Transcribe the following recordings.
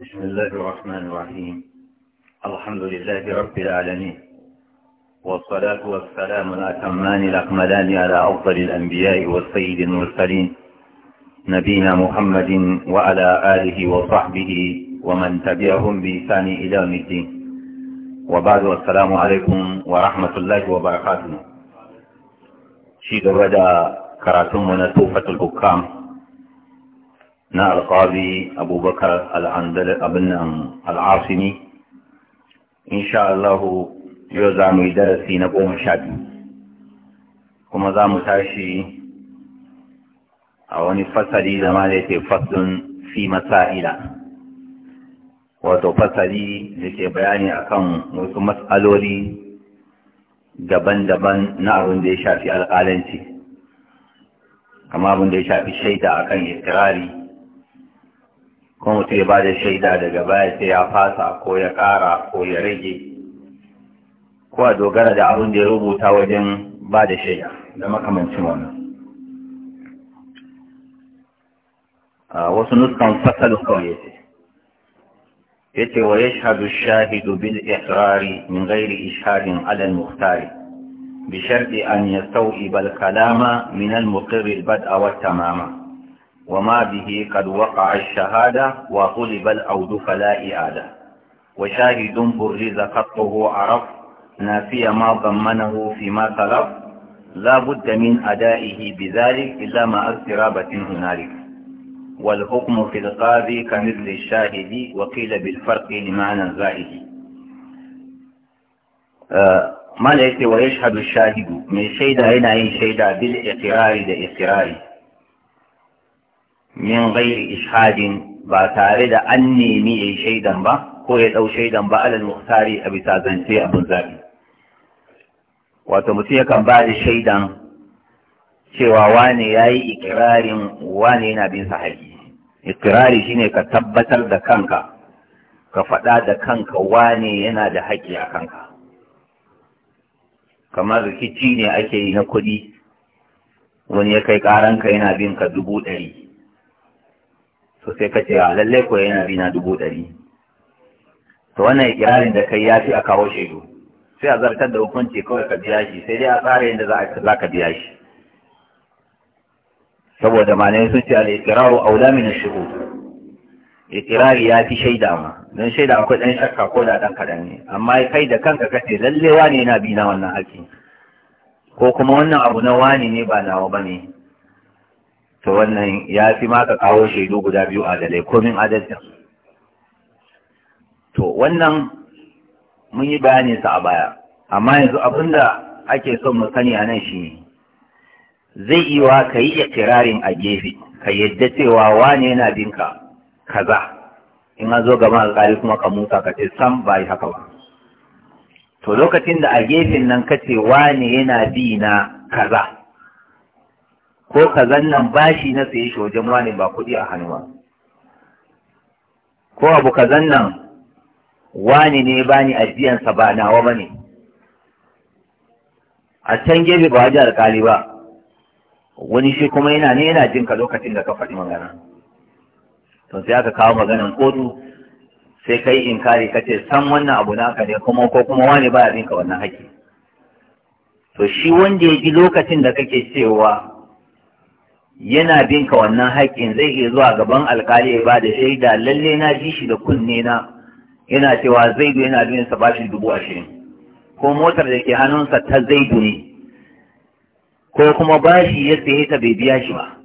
بسم الله الرحمن الرحيم الحمد لله رب العالمين والصلاة والسلام الأتمان الأكملان على أفضل الأنبياء والسيد المرسلين نبينا محمد وعلى آله وصحبه ومن تبعهم بإحسان إلى يوم الدين وبعد السلام عليكم ورحمة الله وبركاته شيد الرجاء كراتم ونسوفة الحكام na alƙazi abubakar al'asini insha Allah yau za mu yi darasi na goma sha kuma za mu tashi a wani fasali zama da ke faslun fi masa'ila wato fasali da ke bayani akan wasu matsaloli daban-daban na abin da ya shafi alƙalanci kama abin da ya shafi shaida akan ikirari kuma mutum ya ba da shaida daga baya sai ya fasa ko ya ƙara ko ya rage ko a dogara da abin da ya rubuta wajen ba da shaida da makamancin wannan wasu nuskan fasal kawai ce ya ce wa ya shahadu shahidu bil ikrari min gairi ishadin alal muhtari بشرط kalama يستوعب الكلام bad a البدء tamama وما به قد وقع الشهادة وطلب العود فلا إعادة وشاهد برز خطه عرف نافي ما ضمنه فيما تلف لا بد من أدائه بذلك إلا مع اضطرابة هنالك والحكم في القاضي كمثل الشاهد وقيل بالفرق لمعنى زائد آه، ما ليس ويشهد الشاهد من شيدا هنا شيدا بالإقرار لاقراره min ghairi ishadin ba tare da an nemi yayi shaidan ba ko ya ɗau shaidan ba alal muhtari a bisa zance abun zabi wato mutum yakan ba da shaidan cewa wane ya yi ikirarin wane yana bin sahabi ikirari shine ka tabbatar da kanka ka faɗa da kanka wane yana da haƙƙi a kanka kamar rikici ne ake yi na kuɗi wani ya kai ƙaranka yana bin ka dubu ɗari to sai ka ce a ah, lalle ko yana bi na dubu ɗari to wannan ikirarin da kai ya fi a kawo shaidu sai a zartar da hukunci kawai ka biya shi sai dai a tsara yadda za a ka biya shi saboda malamai sun ce al-iqraru aula min ash-shuhud ya fi shaida ma don shaida akwai dan shakka ko da dan kadan ne amma kai da kanka kace lalle wani yana bi na wannan haƙi ko kuma wannan abu na wani ne ba nawa bane to wannan ya fi ma ka kawo shaidu guda biyu a dalai komin adalcin to wannan mun yi bayanin sa a baya amma yanzu abinda ake son mu sani a nan shi zai yi wa ka yi ikirarin a gefe ka yadda cewa wane yana binka kaza in an zo gaba alkali kuma ka musa ka ce sam ba yi haka ba to lokacin da a gefen nan ka ce wane yana bi na kaza ko kazan nan bashi na sayi shi wajen wani ba kuɗi a hannu ba ko abu ka nan wani ne bani ajiyansa ba nawa ba ne a can gefe ba wajen alkali ba wani shi kuma yana ne yana jin ka lokacin da ka faɗi magana to sai aka kawo maganan kotu sai ka yi inkari ka ce san wannan abu naka ne kuma ko kuma wani ba ya ka wannan haƙƙi to shi wanda ya ji lokacin da kake cewa yana bin ka wannan haƙƙin zai iya zuwa gaban alkali ya ba da shaida lalle na ji shi da kunne na yana cewa zaidu yana bin sa bashi dubu ashirin ko motar da ke hannunsa ta zaidu ne ko kuma bashi ya saye ta bai biya shi ba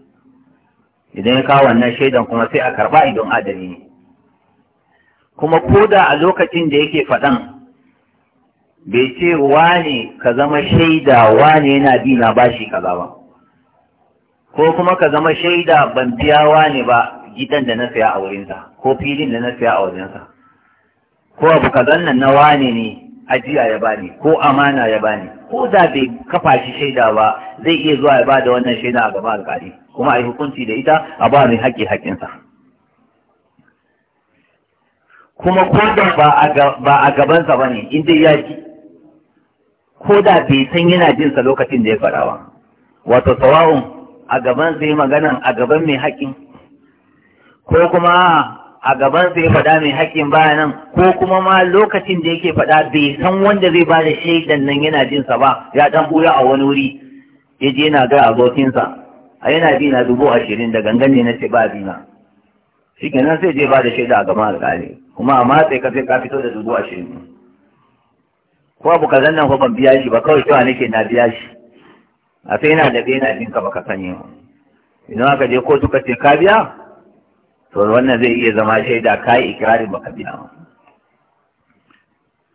idan ya kawo wannan shaidan kuma sai a karba idan adani ne kuma ko da a lokacin da yake faɗan bai ce wane ka zama shaida wane yana bi na bashi kaza ba ko kuma ka zama shaida ban biyawa ne ba gidan da na saya a wurinsa ko filin da na saya a wurinsa ko abu ka zanna na wane ne ajiya ya bani ko amana ya bani ko da bai kafa shi shaida ba zai iya zuwa ya ba da wannan shaida a gaba alƙali kuma a yi hukunci da ita a ba mai haƙƙi haƙƙinsa kuma ko da ba a gabansa ba ne inda ya ji ko da bai san yana jinsa lokacin da ya fara ba wato sawa'un a gaban zai magana a gaban mai haƙin ko kuma a gaban zai faɗa mai haƙin bayanan ko kuma ma lokacin da yake faɗa bai san wanda zai ba da shaidan nan yana jinsa ba ya ɗan buya a wani wuri ya je yana ga abokinsa a yana bi na dubu ashirin da gangan ne na ce ba bi na shi nan sai je ba da shaida a gaban alƙali kuma a matsayi ka sai ka fito da dubu ashirin ko abu ka nan ko ban biya shi ba kawai cewa nake na biya shi a sai yana da bena ɗinka ka baka sani idan aka je kotu ka ce ka biya to wannan zai iya zama shaida ka yi ikirarin baka biya ba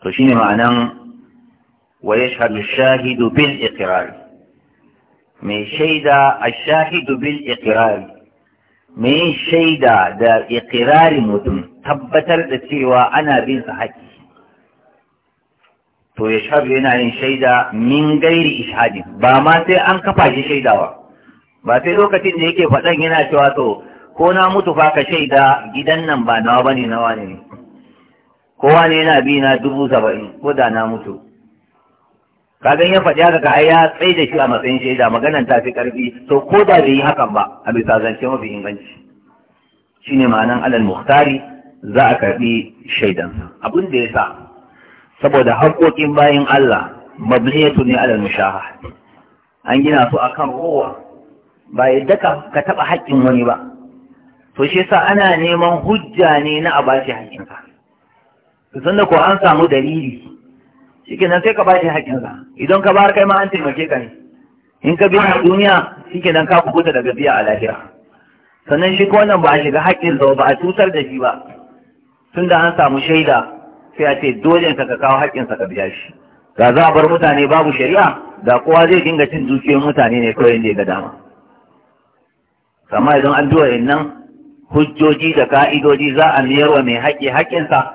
to shine ma'anan wa yashhadu shahidu bil iqrar mai shaida a shahidu bil ikirari? mai shaida da ikirari mutum tabbatar da cewa ana bin sa haƙƙi to ya shafi yana yin shaida min gairi ishadin ba ma sai an kafa shi shaidawa ba sai lokacin da yake faɗan yana cewa to ko na mutu fa ka shaida gidan nan ba nawa bane wane ne kowa ne yana bi na dubu saba'in ko da na mutu kagan ya faɗi haka ka ya tsai da shi a matsayin shaida maganan ta fi ƙarfi to ko da bai yi hakan ba a bisa zance mafi inganci shine ma'anan alal muhtari za a karɓi shaidansa abin da ya sa saboda haƙoƙin bayin Allah mabliyatu ne alal mushaha an gina su akan ruwa ba yadda ka ka taɓa haƙƙin wani ba to shi yasa ana neman hujja ne na a bashi Ka sun da ko an samu dalili shikenan sai ka bashi haƙƙinsa idan ka bar kai ma an taimake ka ne in ka biya duniya shikenan ka kubuta daga biya a lahira sannan shi ko wannan ba a shiga haƙƙinsa ba a cutar da shi ba tunda an samu shaida sai a ce dole ka kawo haƙƙinsa ka biya shi ga za a bar mutane babu shari'a da kowa zai dinga cin dukiyoyin mutane ne kawai inda ya ga dama kama idan an biyo nan hujjoji da ka'idoji za a miyar wa mai haƙƙi haƙƙinsa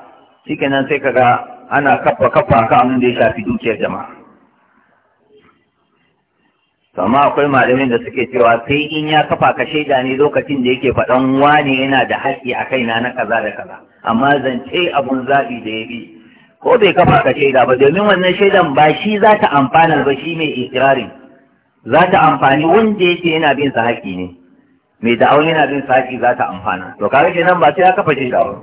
kenan sai ka ga ana kafa kafa kan abin da ya shafi dukiyar jama'a to amma akwai malamin da suke cewa sai in ya kafa ka shaida ne lokacin da yake faɗan wane yana da haƙƙi a kaina na kaza da kaza amma zance abun zaɓi da ya bi ko bai kafa ka shaida ba domin wannan shaidan ba shi za ta amfana ba shi mai ikirarin za ta amfani wanda yake yana bin sa haƙƙi ne mai da'awun yana bin sa haƙƙi za ta amfana to kaga kenan ba sai ya kafa shaida ba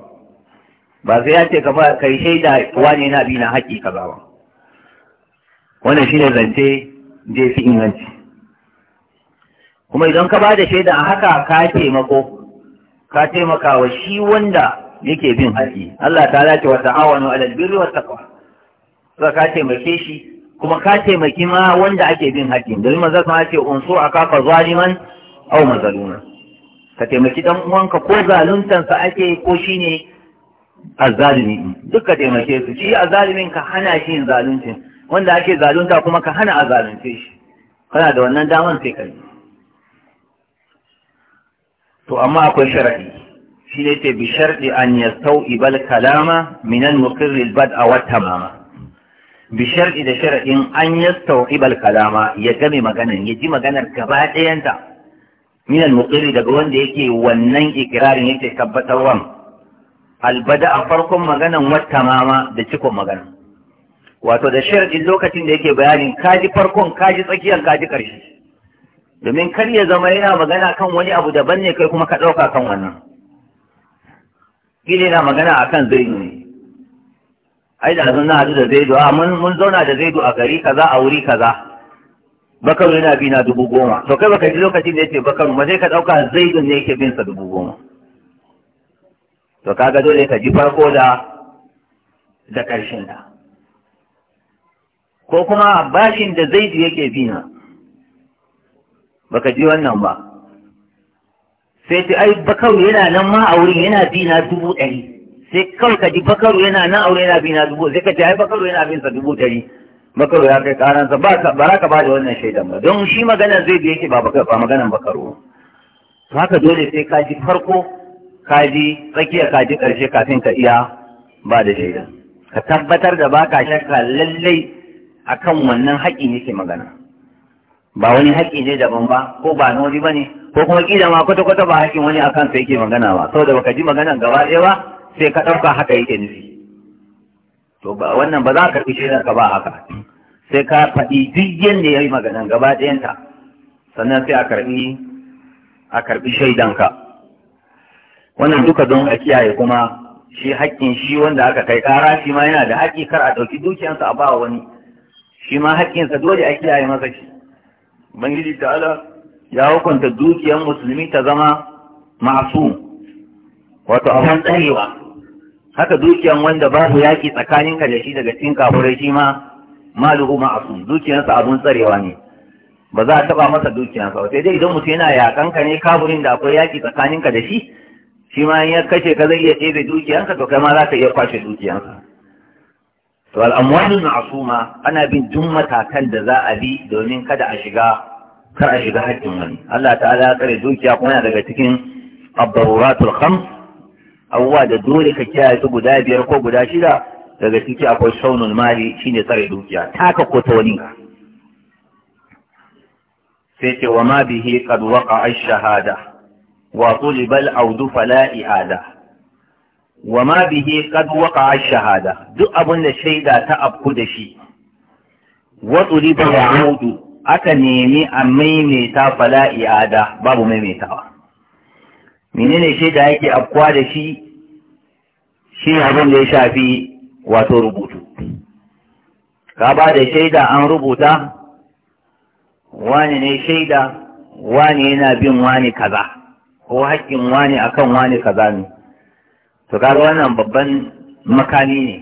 ba sai ya ce kamar kai shaida wane yana bi na haƙƙi kaza ba wannan shine zance da fi inganci kuma idan ka ba da shaida a haka ka taimako ka taimaka wa shi wanda yake bin haƙi Allah ta lati wa ta'awanu alal birri wa taqwa so ka taimake shi kuma ka taimaki ma wanda ake bin haƙi domin manzo kuma yace unsur akaka zaliman aw mazaluna ka taimaki dan uwanka ko zaluntan sa ake ko shine azalimi duk ka taimake su shi azalimin ka hana shi yin zaluncin wanda ake zalunta kuma ka hana a zalunce shi kana da wannan daman sai ka yi to amma akwai sharai shi ne ce bi sharadi an ibal kalama minan muqirril a wa mama. bi sharadi da sharadin an ibal kalama ya game maganan ya ji maganar gaba ɗayanta minan muqirri daga wanda yake wannan ikirarin yake tabbatarwan albada a farkon maganan wa mama, da cikon magana. wato da sharadin lokacin da yake bayanin kaji farkon kaji tsakiyar kaji ƙarshe domin kar ya zama yana magana kan wani abu daban ne kai kuma ka ɗauka kan wannan kila yana magana a kan zaidu ne ai da zan haɗu da zaidu a mun zauna da zaidu a gari kaza a wuri kaza bakaru yana bi na dubu goma to kai baka ji lokacin da yake bakaru ma zai ka ɗauka zaidu ne yake bin sa dubu goma to kaga dole ka ji farko da da ƙarshen da ko kuma bashin da zaidu yake bi na baka ji wannan ba sai ta ai bakaru yana nan ma a wurin yana bi na dubu ɗari sai kawai ka ji bakaru yana nan a wurin yana bi na dubu sai ka ce ai bakaru yana bin sa dubu ɗari bakaru ya kai karansa ba za ka ba da wannan shaidan ba don shi magana zai biye ki ba maganan bakaru to haka dole sai ka ji farko ka ji tsakiya ka ji ƙarshe kafin ka iya ba da shaidan ka tabbatar da baka shakka lallai akan wannan haƙƙin yake magana ba wani haƙƙi ne daban ba ko ba wani ba ne ko kuma ƙila ma kwata-kwata ba haƙƙin wani akan sai yake magana ba Sau da baka ji maganan gaba ɗaya ba sai ka ɗauka haka yake nufi to ba wannan ba za ka fi shaidar ka ba haka sai ka faɗi duk yadda ya yi maganan gaba ɗayanta sannan sai a karɓi a karɓi shaidanka wannan duka don a kiyaye kuma shi haƙƙin shi wanda aka kai ƙara shi ma yana da haƙƙi kar a ɗauki dukiyansa a ba wani shi ma haƙƙinsa dole a kiyaye masa shi ubangiji ta'ala ya hukunta dukiyar musulmi ta zama masu wato abin tsarewa haka dukiyar wanda babu yaki tsakaninka da shi daga cikin kafurai shi ma malihu ma'asu dukiyarsa abin tsarewa ne ba za a taba masa dukiyarsa sai dai idan mutum yana yakan ka ne kaburin da akwai yaki ka da shi shi ma in ya kashe ka zai iya ɗebe dukiyarsa to kai ma za ka iya kwashe dukiyarsa to al'amwalin Asuma ana bin duk matakan da za a bi domin kada a shiga kar a shiga haƙƙin wani Allah ta'ala ya tsare dukiya kuma daga cikin abdaruratul khams abubuwa da dole ka kiyaye su guda biyar ko guda shida daga ciki akwai shaunul mali shine tsare dukiya taka ko ta wani sai ce wa ma bihi qad ash-shahada wa tulibal audu fala i'ada wa ma bihi ka waqa'a shahada duk abin da shaida ta afku da shi wa tuliba ya'udu aka nemi a maimaita fala i'ada babu maimaitawa menene shaida yake afkuwa da shi shi abin da ya shafi wato rubutu ka ba da shaida an rubuta wani ne shaida wani yana bin wani kaza ko haƙƙin wani akan wani kaza ne to kaga wannan babban makami ne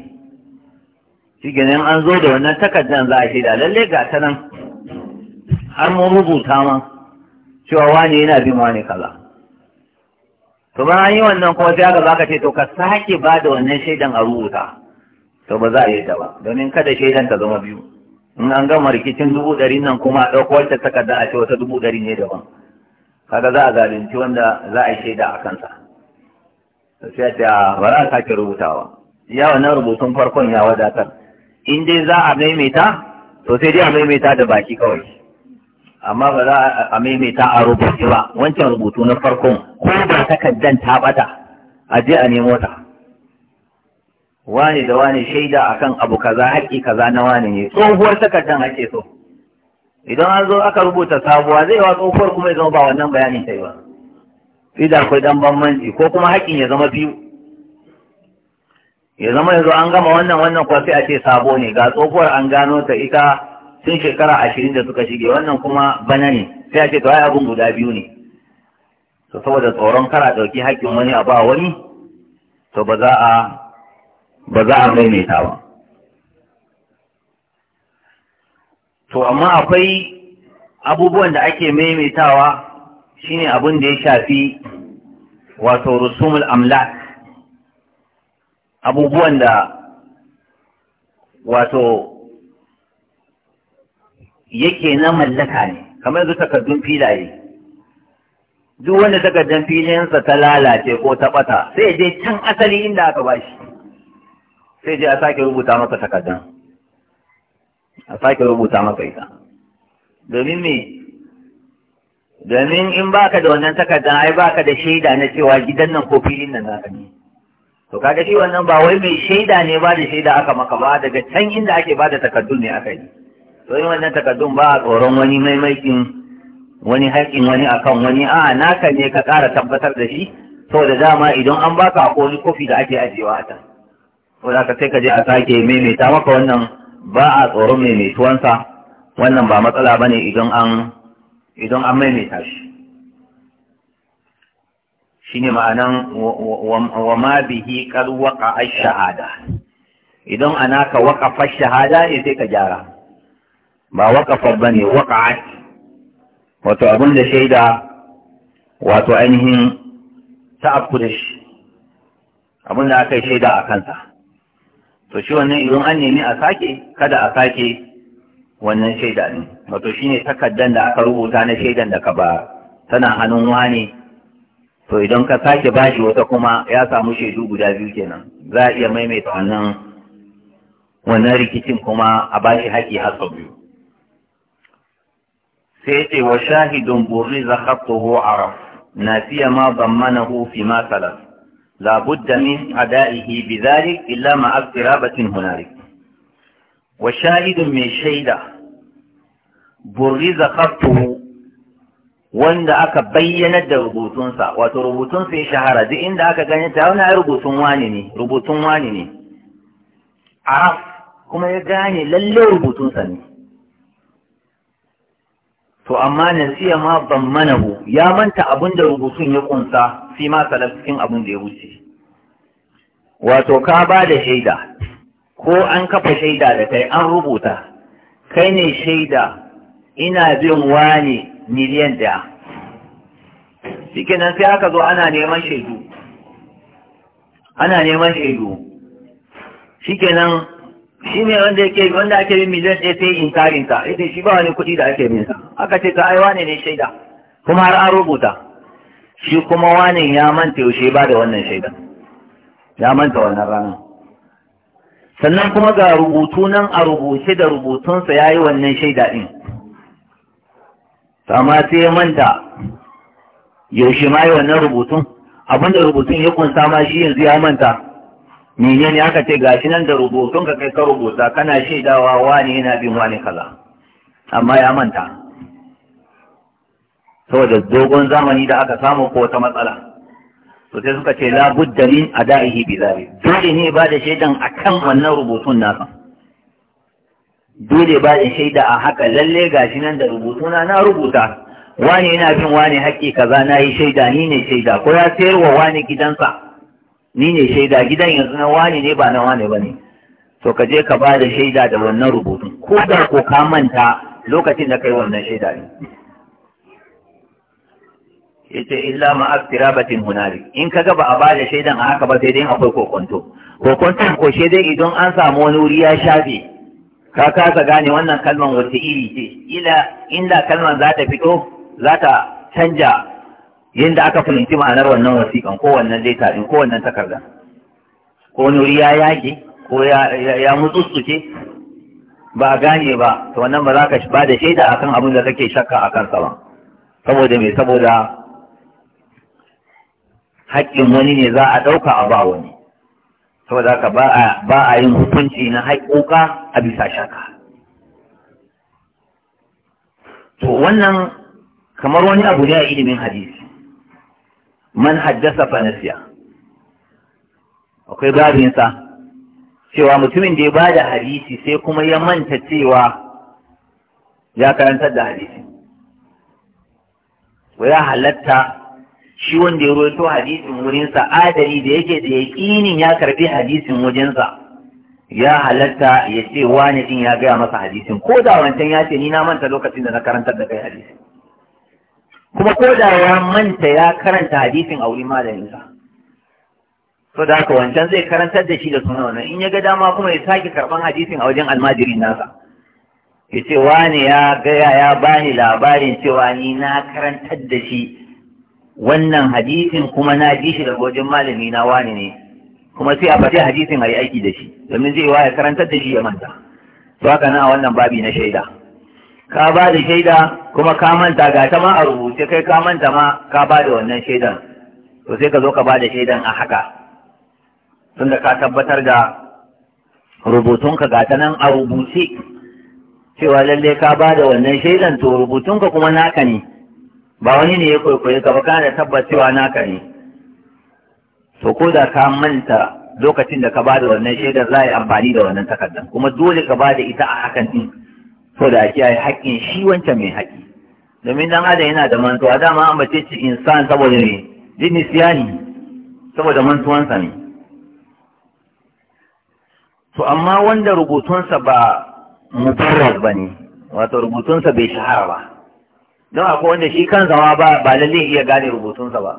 shi ganin an zo da wannan takardar za a da lalle ga ta nan har mun rubuta ma cewa wani yana bin wani kaza to ba an yi wannan kuma sai aka zaka ce to ka sake ba da wannan shaidan a rubuta to ba za a yi ta ba domin kada shaidan ta zama biyu in an gama rikicin dubu ɗari nan kuma a ɗauko wata takarda a ce wata dubu ɗari ne daban kaga za a zalunci wanda za a yi shaida a kansa sai ta ah, bari a sake rubutawa ya wannan rubutun farkon ya wadatar in dai za a maimaita to sai dai a maimaita da baki kawai amma ba za a maimaita a rubuce ba wancan rubutu na farkon ko ba takaddan ta bata a je a nemo ta Wani da wani shaida akan abu kaza haƙi kaza na wani ne tsohuwar takaddan ake so idan an zo aka rubuta sabuwa zai wa tsohuwar kuma ya zama ba wannan bayanin ta yi ba idan akwai dan bambanci ko kuma haƙƙin ya zama biyu ya zama yanzu an gama wannan wannan kuwa sai a ce sabo ne ga tsohuwar an gano ta ita tun shekara ashirin da suka shige wannan kuma bana ne sai a ce to ai abun guda biyu ne to saboda tsoron kara ɗauki haƙƙin wani a ba wani to ba za a ba za a maimaita ba to amma akwai abubuwan da ake maimaitawa ne abin da ya shafi wato rusumul amlak abubuwan da wato yake na mallaka ne kamar yanzu takardun filaye duk wanda takardun filayensa ta lalace ko ta bata sai je can asali inda aka bashi sai je a sake rubuta maka takardun a sake rubuta maka ita domin me domin in baka da wannan takarda ai baka da shaida na cewa gidan nan ko filin nan naka ne to kaga shi wannan ba wai mai shaida ne ba da shaida aka maka ba daga can inda ake bada da takardun ne aka yi to in wannan takardun ba a tsoron wani maimakin wani haƙƙin wani akan wani a naka ne ka ƙara tabbatar da shi saboda dama idan an baka ko wani kofi da ake ajiyewa a can da ka sai ka je a sake maimaita maka wannan ba a tsoron maimaituwansa wannan ba matsala ba ne idan an idan an maimaita shi shine ma'anan wa ma bihi kar waqa a shahada idan ana ka waƙa fa shahada eh, sai ka gyara ba waqafa bane waqa'at wato abin da shaida wato ainihin shi abin da aka yi shaida a kansa to shi wannan idan an nemi a sake kada a sake wannan shaida ne wato shine takaddan da aka rubuta na shaidan da ka ba tana hannun wani to idan ka sake bashi wata kuma ya samu shaidu guda biyu kenan za a iya maimaita wannan wannan rikicin kuma a bashi haƙi har sau biyu sai ce wa shahidun burri za khattuhu araf nasiya ma mana fi ma salas. la min ada'ihi bidhalik illa ma aktirabatin hunalik wa shahidun mai shaida burriza kaftuhu wanda aka bayyanar da rubutunsa wato rubutunsa ya shahara duk inda aka gani ta wani rubutun wani ne rubutun wani ne araf kuma ya gane lalle rubutunsa ne to amma nasiya ma ban manahu ya manta abin da rubutun ya ƙunsa, fi ma salaf cikin abin da ya wuce wato ka ba da shaida ko an kafa shaida da kai an rubuta kai ne shaida ina bin wani miliyan daya nan sai aka zo ana neman shaidu ana neman shaidu nan, shi ne wanda yake wanda ake bin miliyan ɗaya sai in ka ita shi ba wani kuɗi da ake bin sa aka ce ka ai wane ne shaida kuma har an rubuta shi kuma wane ya manta yaushe ba da wannan shaidan ya manta wannan ranar sannan kuma ga rubutu nan a rubuce da rubutunsa ya yi wannan shaida ɗin sai sai manta yaushe ma yi wannan rubutun abinda rubutun ya kunsa ma shi yanzu ya manta menene aka ce gashi nan da rubutun ka kai ka rubuta kana shaidawa wani yana bin wani kaza amma ya manta saboda dogon zamani da aka samu ko ta matsala to sai suka ce la budda min ada'ihi bi zabi dole ne ba da shaidan akan wannan rubutun nasa dole ba da shaida a haka lalle gashi nan da rubutuna na rubuta wani yana bin wani haƙƙi kaza na yi shaida ni ne shaida ko ya sayar wa wani gidansa ni ne shaida gidan yanzu na wani ne ba na wani ba ne to ka je ka ba da shaida da wannan rubutun ko da ko ka manta lokacin da kai wannan shaida ne yace illa ma aktirabatin hunari in kaga ba a ba da shaidan a haka ba sai dai akwai kokonto kokonto ko dai idan an samu wani wuri ya shafe ka kasa gane wannan kalman wata iri ce ila inda kalman za ta fito za ta canja yadda aka fahimci ma'anar wannan wasiƙan ko wannan zai din ko wannan takarda ko wani wuri ya yage ko ya mutsutsuke ba gane ba to wannan ba za ka ba da shaida akan abin da kake shakka akan sa ba saboda me saboda haƙƙin wani ne za a ɗauka a ba wani saboda ka ba a yin hukunci na haƙƙoƙa a bisa shaka to wannan kamar wani abu ne a ilimin hadisi man haddasa fanasiya akwai babinsa cewa mutumin da ya ba da hadisi sai kuma ya manta cewa ya karantar da hadisi ko ya halatta shi wanda ya roto hadisin wurinsa adali da yake da yaƙinin ya karbi hadisin wajensa ya halatta ya ce wani din ya gaya masa hadisin ko da wancan ya ce ni na manta lokacin da na karantar da kai hadisin kuma ko da ya manta ya karanta hadisin a wurin malaminsa to da haka wancan zai karantar da shi da suna wannan in ya ga dama kuma ya sake karban hadisin a wajen almajirin nasa ya ce wani ya gaya ya bani labarin cewa ni na karantar da shi wannan hadisin kuma na ji shi daga wajen malami na wani ne kuma sai a faɗi hadisin a yi aiki da shi domin zai waya karantar da shi ya manta to haka na wannan babi na shaida ka ba da shaida kuma ka manta ga ta ma a rubuce kai ka manta ma ka ba da wannan shaidan to sai ka zo ka ba da shaidan a haka tunda ka tabbatar da rubutunka ga ta nan a rubuce cewa lallai ka ba da wannan shaidan to rubutunka kuma naka ne ba wani ne ya kwaikwaye ka ba kana tabbacewa naka ne to ko da ka manta lokacin da ka bada wannan shaidar za a yi amfani da wannan takardar kuma dole ka bada ita a hakan din so da ake yi haƙƙin shi wancan mai haƙƙi domin dan adam yana da mantuwa dama an bace shi insan saboda ne jini siyani saboda mantuwansa ne to amma wanda rubutunsa ba mutarrar ba ne wato rubutunsa bai shahara ba don akwai wanda shi kan zama ba ba lalle iya gane rubutunsa ba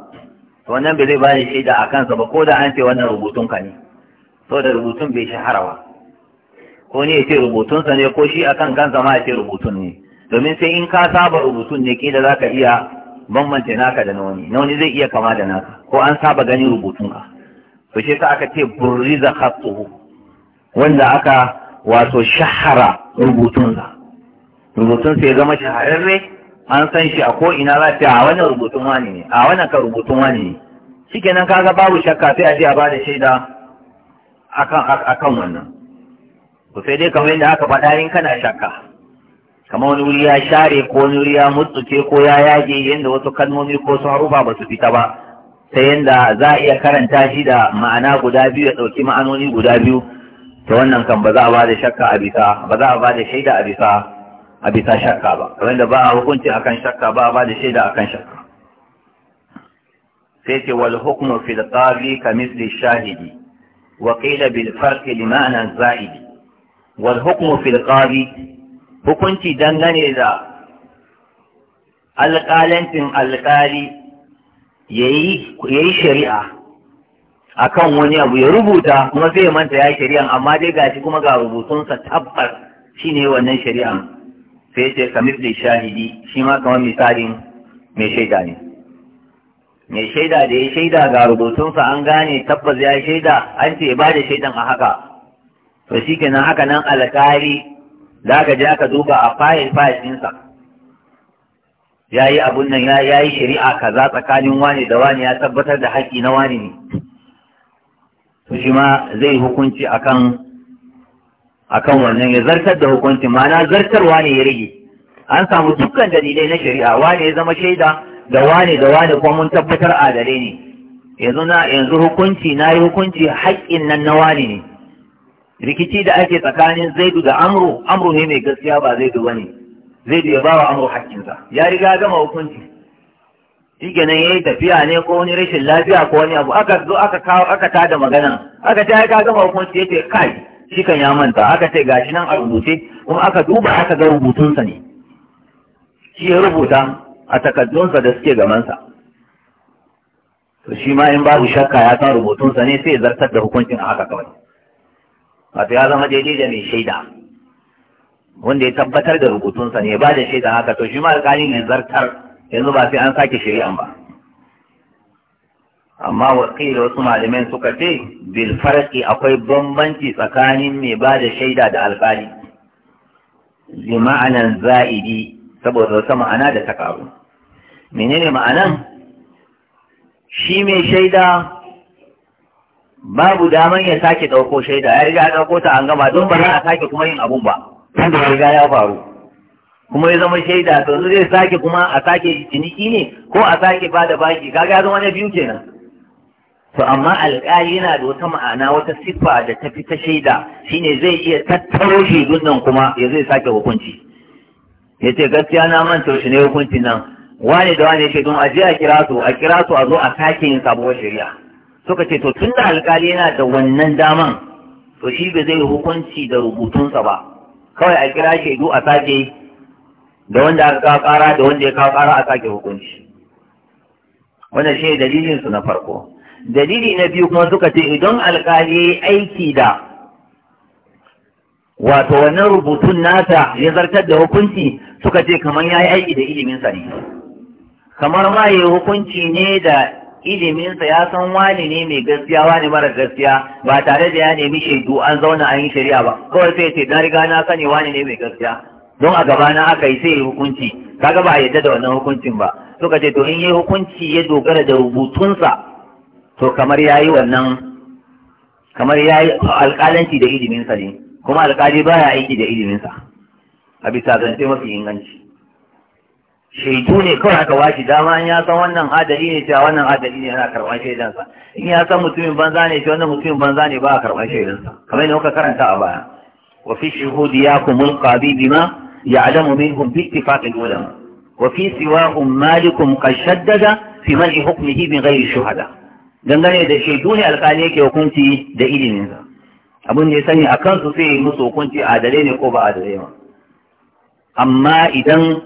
wannan bai zai ba ni shaida a kansa ba ko da an ce wannan rubutun ka ne so da rubutun bai shahara ba ko ne ya ce rubutunsa ne ko shi akan kansa ma ya ce rubutun ne domin sai in ka saba rubutun ne kila za ka iya bambance naka da nauni nauni zai iya kama da naka ko an saba ganin rubutunka to shi ka aka ce burriza khattuhu wanda aka wato shahara rubutunsa rubutunsa ya zama shahararre an san shi a ko'ina za ta a wani rubutun wani ne a wannan ka rubutun wani ne shikenan kaga babu shakka sai a je a bada shaida akan kan wannan Ku sai dai kamar yadda aka faɗa yin kana shakka kamar wani wuri ya share ko wani wuri ya mutsuke ko ya yage yadda wasu kalmomi ko su harufa ba su fita ba sai yadda za a iya karanta shi da ma'ana guda biyu ya ɗauki ma'anoni guda biyu ta wannan kan ba za a ba da shakka a bisa ba za a ba da shaida a bisa a bisa shakka ba wanda ba a hukunci akan shakka ba ba da shaida akan shakka sai ce wal hukmu fil qadi ka misli shahidi wa qila bil farq li ma'na zaidi wal hukmu fil qadi hukunci dangane da alƙalancin alƙali yayi yayi shari'a akan wani abu ya rubuta kuma zai manta ya shari'an amma dai gashi kuma ga rubutunsa tabbas shine wannan shari'an sai ce ka misli shahidi shi ma kamar misalin mai shaida ne mai shaida da ya shaida ga rubutunsa an gane tabbas ya shaida an ce ba da shaidan a haka to shi kenan haka nan alkari za ka je aka duba a fayil fayil ɗinsa ya yi abun nan ya yi shari'a kaza tsakanin wani da wani ya tabbatar da haƙƙi na wani ne to shi ma zai hukunci akan akan wannan ya zartar da hukunci mana zartarwa ne ya rage an samu dukkan dalilai na shari'a wane ya zama shaida da wane da wane kuma mun tabbatar adalai ne yanzu na yanzu hukunci na yi hukunci haƙƙin nan na wane ne rikici da ake tsakanin zaidu da amru amru ne mai gaskiya ba zaidu ba ne zaidu ya ba wa amru haƙƙinsa ya riga gama hukunci shi kenan ya yi tafiya ne ko wani rashin lafiya ko wani abu aka zo aka kawo aka tada magana aka ta ya gama hukunci ya ce kai shi ya manta aka ce gashi nan a rubuce kuma aka duba aka ga rubutunsa ne shi ya rubuta a takaddunsa da suke gamansa to shi ma in babu shakka ya san rubutunsa ne sai ya zartar da hukuncin a haka kawai wato ya zama daidai da mai shaida wanda ya tabbatar da rubutunsa ne ba da shaida haka to shi ma alƙalin ya zartar yanzu ba sai an sake shari'an ba amma da wasu malamai suka ce bil farqi akwai bambanci tsakanin mai ba da shaida da alƙali bi ma'anan za'idi saboda wata ma'ana da ta karu menene ma'anan shi mai shaida babu daman ya sake ɗauko shaida ya riga ya ɗauko ta an gama don ba za a sake kuma yin abun ba tunda ya riga ya faru kuma ya zama shaida to zai sake kuma a sake ciniki ne ko a sake ba da baki kaga ya zama na biyu kenan to amma alƙali yana da wata ma'ana wata siffa da ta fi ta shaida shine zai iya tattaro shi nan kuma ya zai sake hukunci ya ce gaskiya na manta shi ne hukunci nan wane da wane shaidun a je a kira su a kira su a zo a sake yin sabuwar shari'a suka ce to tun da alƙali yana da wannan daman to shi ba zai hukunci da rubutunsa ba kawai a kira shaidu a sake da wanda aka kawo ƙara da wanda ya kawo ƙara a sake hukunci wannan shi ne dalilinsu na farko dalili na biyu kuma suka ce idan alkali aiki da wato wannan rubutun nasa ya zartar da hukunci suka ce kamar ya yi aiki da iliminsa ne kamar ma ya hukunci ne da iliminsa ya san wani ne mai gaskiya wani mara gaskiya ba tare da ya nemi shaidu an zauna an yi shari'a ba kawai sai ce na riga na sani wani ne mai gaskiya don a na aka yi sai ya hukunci kaga ba a yadda da wannan hukuncin ba suka ce to in yi hukunci ya dogara da rubutunsa to kamar ya yi wannan kamar ya yayi alƙalanci da iliminsa ne kuma alƙali baya aiki da iliminsa. sa a bisa zance mafi inganci shaidu ne kawai aka washi dama in ya san wannan adali ne cewa wannan adali ne ana karɓar shaidansa in ya san mutumin banza ne cewa wannan mutumin banza ne ba a karɓar shaidansa kamar yadda kuka karanta a baya wa fi shuhudi ya kumul qabi bima ya'lamu minhum bi ittifaqil ulama wa fi siwahum malikum qad shaddada fi man'i hukmihi bi ghairi shuhada dangane da shaidu ne alkali yake hukunci da iliminsa abin da ya sani a kansu sai musu hukunci adalai ne ko ba adalai ba amma idan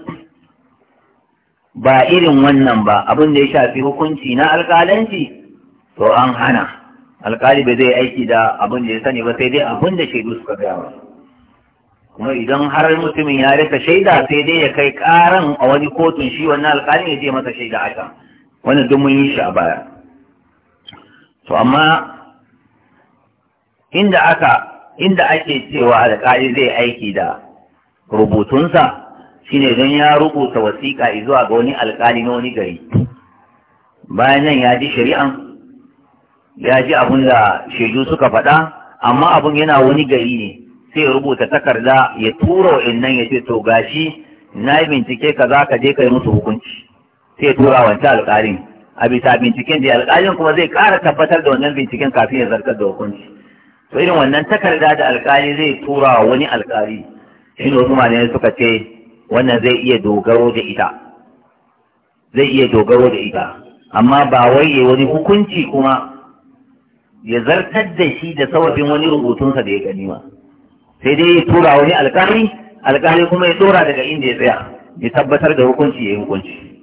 ba irin wannan ba abin da ya shafi hukunci na alkalanci to an hana alkali bai zai aiki da abin da ya sani ba sai dai abin da shaidu suka gaya ba kuma idan har mutumin ya rika shaida sai dai ya kai karan a wani kotun shi wannan alkalin ya je masa shaida haka wannan duk mun yi shi a baya to amma inda aka inda ake cewa alƙali zai aiki da rubutunsa shine don ya rubuta wasiƙa zuwa ga wani alƙali na wani gari bayan nan ya ji shari'an ya ji abin da shaidu suka faɗa amma abin yana wani gari ne sai ya rubuta takarda ya tura nan ya ce to gashi na yi bincike ka za ka je ka musu hukunci sai ya tura wancan alƙalin a bisa binciken da alƙalin kuma zai ƙara tabbatar da wannan binciken kafin ya zartar da hukunci to irin wannan takarda da alƙali zai tura wa wani alƙali shi ne wasu ne suka ce wannan zai iya dogaro da ita zai iya dogaro da ita amma ba wai ya wani hukunci kuma ya zartar da shi da sababin wani rubutunsa da ya gani ba sai dai ya tura wani alƙali alƙali kuma ya tura daga inda ya tsaya ya tabbatar da hukunci ya yi hukunci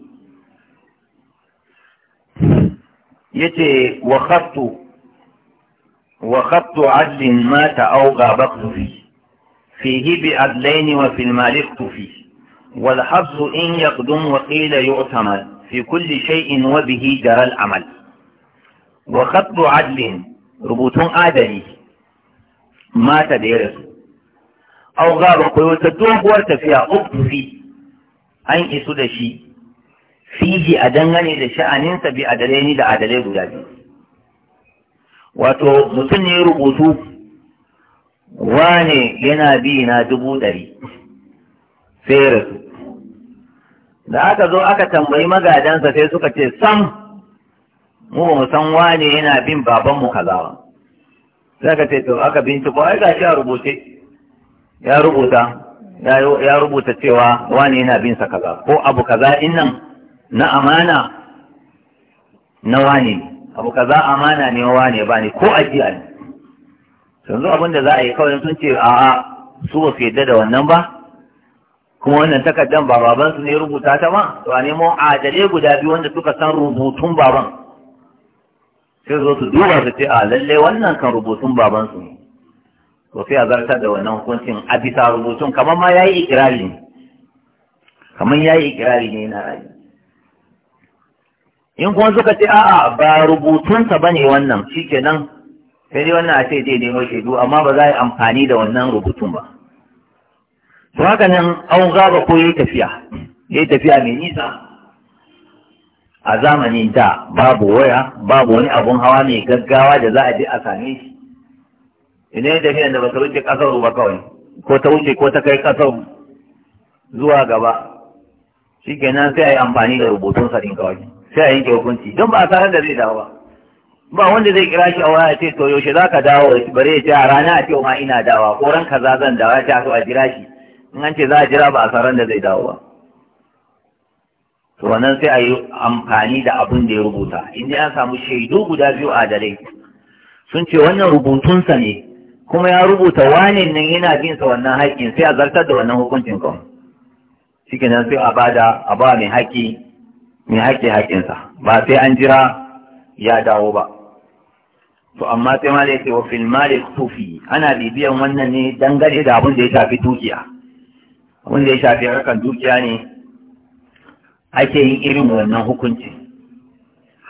يتي وخط وخط عدل مات أو غابقت فيه فيه بعدلين وفي المالقت فيه والحفظ إن يقدم وقيل يعتمد في كل شيء وبه جرى العمل وخط عدل ربوت آدلي مات ديرس أو غاب قيوت الدوم ورت فيها أبت فيه أين إسود شيء Fiji a dangane da sha'aninsa bi adalai da adalai guda biyu wato mutum ne rubutu wane yana bi na dubu ɗari sai rasu da aka zo aka tambayi magadansa sai suka ce sam mu ba mu san wane yana bin babanmu kaza ba sai ka ce to aka binciko ai ga shi a rubuce ya rubuta ya rubuta cewa wane yana bin sa kaza ko abu kaza in nan na amana na wane abu kaza amana ne wane ba ne ko ajiya ne yanzu abin da za a yi kawai sun ce a su ba su yadda da wannan ba kuma wannan takardar ba baban su ne rubuta ta ba to a nemo adalai guda biyu wanda suka san rubutun baban sai zo su duba su ce a lallai wannan kan rubutun baban su ne to sai a zartar da wannan hukuncin a bisa rubutun kamar ma ya yi ikirari ne kamar ya yi ikirari ne na rayu in kuma suka ce a'a ba rubutunsa ba ne wannan shi ke nan sai dai wannan a ce zai nemo shaidu amma ba za a yi amfani da wannan rubutun ba to haka nan an gaba ko yi tafiya yi tafiya mai nisa a zamani da babu waya babu wani abun hawa mai gaggawa da za a je a same shi Ina ya tafiya da ba ta wuce kasar ba kawai ko ta wuce ko ta kai kasar zuwa gaba shikenan sai a yi amfani da rubutun sa din kawai sai a yanke hukunci don ba a sanar da zai dawo ba ba wanda zai kira shi a waya ce to yaushe za ka dawo bare ya ce a rana a ce ma ina dawa ko ran kaza zan dawo ya ce a jira shi in an ce za a jira ba a sanar da zai dawo ba to wannan sai a yi amfani da abin da ya rubuta in dai an samu shaidu guda biyu a dare sun ce wannan rubutunsa ne kuma ya rubuta wanin nan yana bin sa wannan haƙƙin sai a zartar da wannan hukuncin kan shi sai a bada a ba mai haƙƙi mai haƙe haƙinsa ba sai an jira ya dawo ba to amma sai ma da ce wa sufi ana bibiyan wannan ne dangane da abin da ya shafi dukiya abin da ya shafi harkar dukiya ne ake yin irin wannan hukunci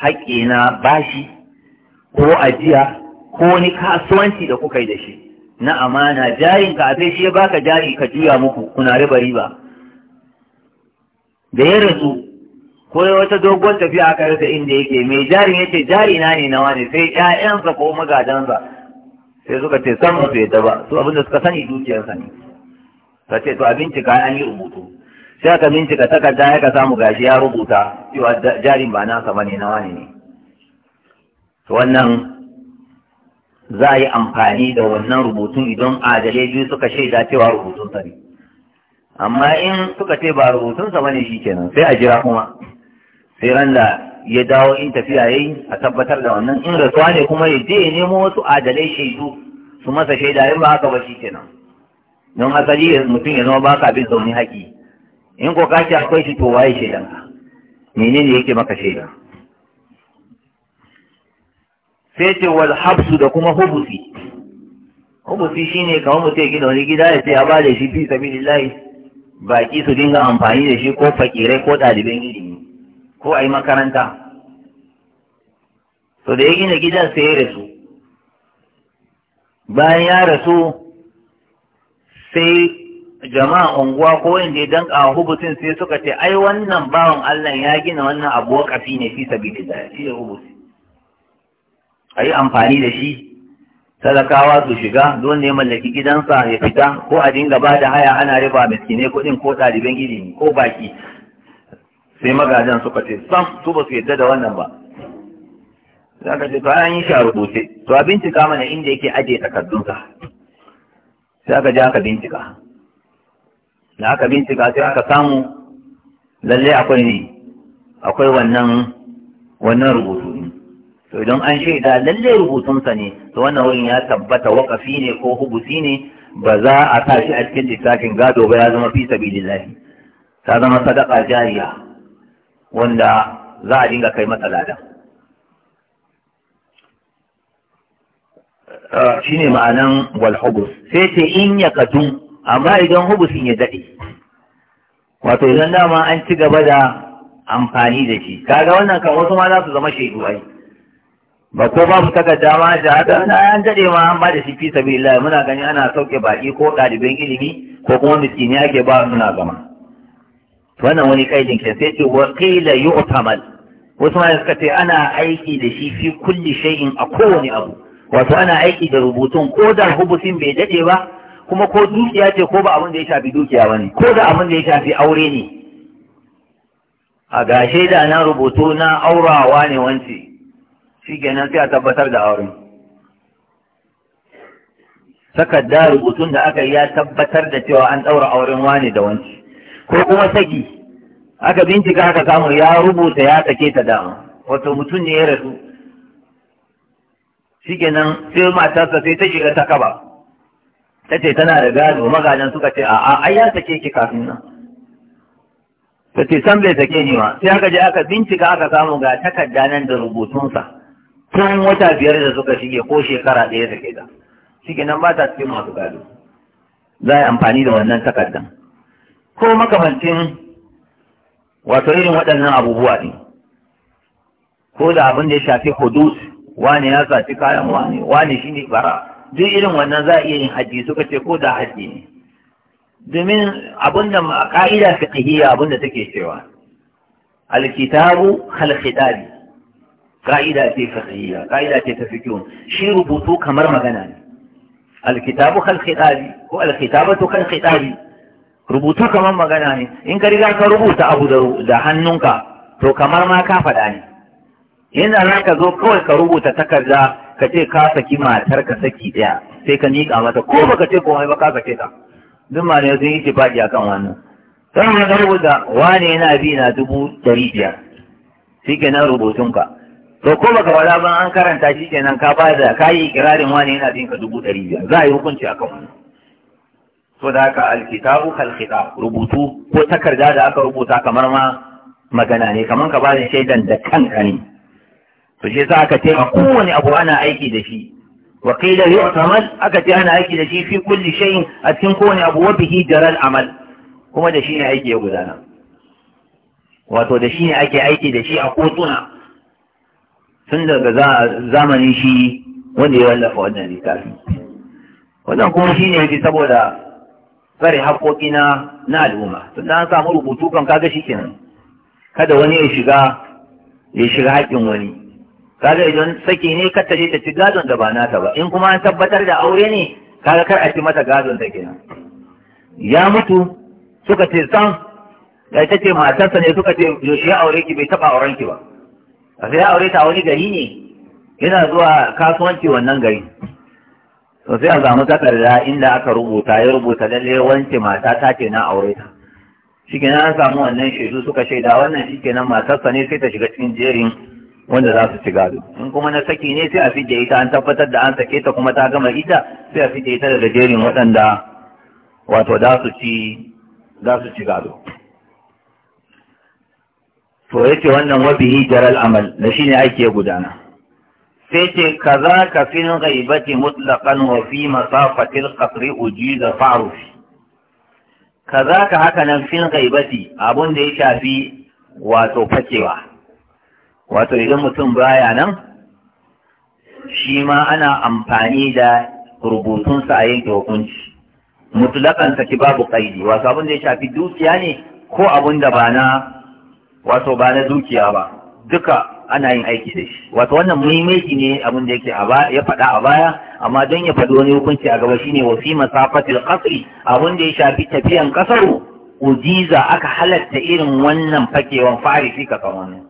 haƙƙi na bashi ko ajiya ko wani kasuwanci da kuka yi da shi na amana jarin ka a shi ya baka jari ka juya muku kuna riba riba da ya rasu ko wata dogon tafiya aka rasa inda yake mai jarin yace jari na ne nawa ne sai ƴaƴansa ko magadansa sai suka ce san musu yadda ba su abinda suka sani dukiyarsa ne ka ce to a bincika an yi rubutu sai aka bincika takarda ya ka samu gashi ya rubuta cewa jarin ba nasa ba ne nawa ne to wannan za a yi amfani da wannan rubutun idan adalai biyu suka shaida cewa rubutun sa ne amma in suka ce ba rubutun sa shi kenan sai a jira kuma sai randa ya dawo in tafiya yayi a tabbatar da wannan in rasuwa ne kuma ya je ya nemo wasu adalai shaidu su masa shaida in ba haka ba shi kenan don asali mutum ya zama ba ka bin zaune haƙi in ko ka ce akwai shi to waye shaidan ka menene yake maka shaida sai ce wal habsu da kuma hubusi hubusi shi ne kamar mutum ya gina wani gida ya ce a ba da shi fi lillahi baki su dinga amfani da shi ko fakirai ko ɗaliban ilimi ko a yi makaranta to da ya gina gidan sai ya rasu bayan ya rasu sai jama'a unguwa ko inda ya danka hubusin sai suka ce ai wannan bawan Allah ya gina wannan abu wakafi ne fi fi shi ne A yi amfani da shi talakawa su shiga don ne mallaki gidansa ya fita ko a dinga ba da haya ana riba miskinai kuɗin ko ɗaliban ilimi ko baki sai magajan suka ce sam su ba su yadda da wannan ba za ka ce to an yi shi a rubuce to a bincika mana inda yake ajiye takardunsa sai aka je aka bincika da aka bincika sai aka samu lalle akwai ne akwai wannan wannan rubutu ne to idan an shaida lalle rubutunsa ne to wannan wurin ya tabbata wakafi ne ko hubusi ne ba za a sa shi a cikin littafin gado ba ya zama fi sabilillahi ta zama sadaka jariya wanda za a dinga kai masa lada ah, shi ne ma'anan walhubus sai ce in ya kadu amma idan hubusin ya daɗe wato idan dama an ci gaba da amfani da shi kaga wannan kan wasu ma za su zama shaidu ai ba ko ba babu takarda ma da haka na an daɗe ma an ba da shi fi sabilillah muna gani ana sauke baki ko ɗaliban ilimi ko kuma miskini ake ba suna zama wannan wani kaidin ke sai ce wa qila yu'tamal wasu ma suka ce ana aiki da shi fi kulli shay'in a kowane abu wato ana aiki da rubutun ko da hubusin bai dade ba kuma ko dukiya ce ko ba abin da ya shafi dukiya bane ko da abin da ya shafi aure ne a ga da na rubutu na aurawa ne wance shi kenan sai a tabbatar da auren takarda rubutun da aka yi ya tabbatar da cewa an daura auren wane da wance ko kuma saki aka bincika aka samu ya rubuta ya take ta dama wato mutum ne ya rasu shikenan sai matarsa sai ta shiga ta kaba ta ce tana da gado magajan suka ce a'a ai ya take ki kafin nan ta ce san bai take ni ba sai aka je aka bincika aka samu ga takarda nan da rubutunsa tun wata biyar da suka shige ko shekara ɗaya take ta shikenan ba ta cikin masu gado za a yi amfani da wannan takardan ko makamantin wato irin waɗannan abubuwa ne ko da abin da ya shafi hudud wani ya saci kayan wani wani shi ne bara duk irin wannan za a iya yin haji suka ce ko da haji ne domin abin da ka'ida fiqhiyya abin da take cewa alkitabu khalqidabi ka'ida ce fiqhiyya ka'ida ce ta fiqhun shi rubutu kamar magana ne alkitabu khalqidabi ko alkitabatu khalqidabi rubutu kamar magana ne in ka riga ka rubuta abu da hannunka to kamar ma ka faɗa ne Yanzu za ka zo kawai ka rubuta takarda ka ce ka saki matar ka saki ɗaya sai ka niƙa mata ko ba ka ce komai ba ka sake ta duk ma ne sun yi tifaki a kan wannan sannan ka rubuta wane yana bi na dubu ɗari biyar shi kenan rubutunka to ko baka faɗa ban an karanta shi kenan ka ba da ka yi ikirarin wane yana bi ka dubu ɗari biyar za a yi hukunci kan wannan so da ka alkitabu kalkita rubutu ko takarda da aka rubuta kamar ma magana ne kamar ka bada shaidan da kanka ne to shi yasa aka ce a kowane abu ana aiki da shi wa qila yu'tamal aka ce ana aiki da shi fi kulli shay'in a cikin kowane abu wa bihi jaral amal kuma da shi ne aiki ya gudana wato da shi ne ake aiki da shi a kotuna tun daga zamanin shi wanda ya wallafa wannan littafi wannan kuma shi ne yake saboda tsare haƙoƙi na na al'umma tun da an samu rubutu kan kaga shi kenan kada wani ya shiga ya shiga haƙƙin wani kaga idan saki ne kar ta ta ci gadon da ba nata ba in kuma an tabbatar da aure ne kaga kar a ci mata gadon ta kenan ya mutu suka ce san ya ta ce matarsa ne suka ce yaushe ya aure ki bai taɓa auren ki ba a sai ya aure ta wani gari ne yana zuwa kasuwanci wannan gari to sai a samu takarda inda aka rubuta ya rubuta lalle wance mata ta ce na aure ta ke an samu wannan shaidu suka shaida wannan shikenan matarsa ne sai ta shiga cikin jerin wanda za su ci gado in kuma na saki ne sai a fidda ita an tabbatar da an sake ta kuma ta gama ita sai a fidda ita daga jerin waɗanda wato za su ci za su ci gado to yake wannan wabihi jaral amal da shine ake gudana sai ce kaza ka fi ghaibati mutlaqan wa fi masafatil qasri ujiza fa'ruf kaza ka haka nan fi ghaibati abun da ya shafi wato fakewa wato idan mutum baya nan shi ma ana amfani da rubutunsa a yanke hukunci ta ki babu ƙa'idi. wato abun da ya shafi dukiya ne ko abun da ba na wato ba na dukiya ba duka ana yin aiki da shi wato wannan muhimmanci ne abin da yake ya faɗa a baya amma don ya faɗi wani hukunci a gaba shine wa fi masafatil qasri abin da ya shafi tafiyan kasar ujiza aka halatta irin wannan fakewan farisi ka kan wannan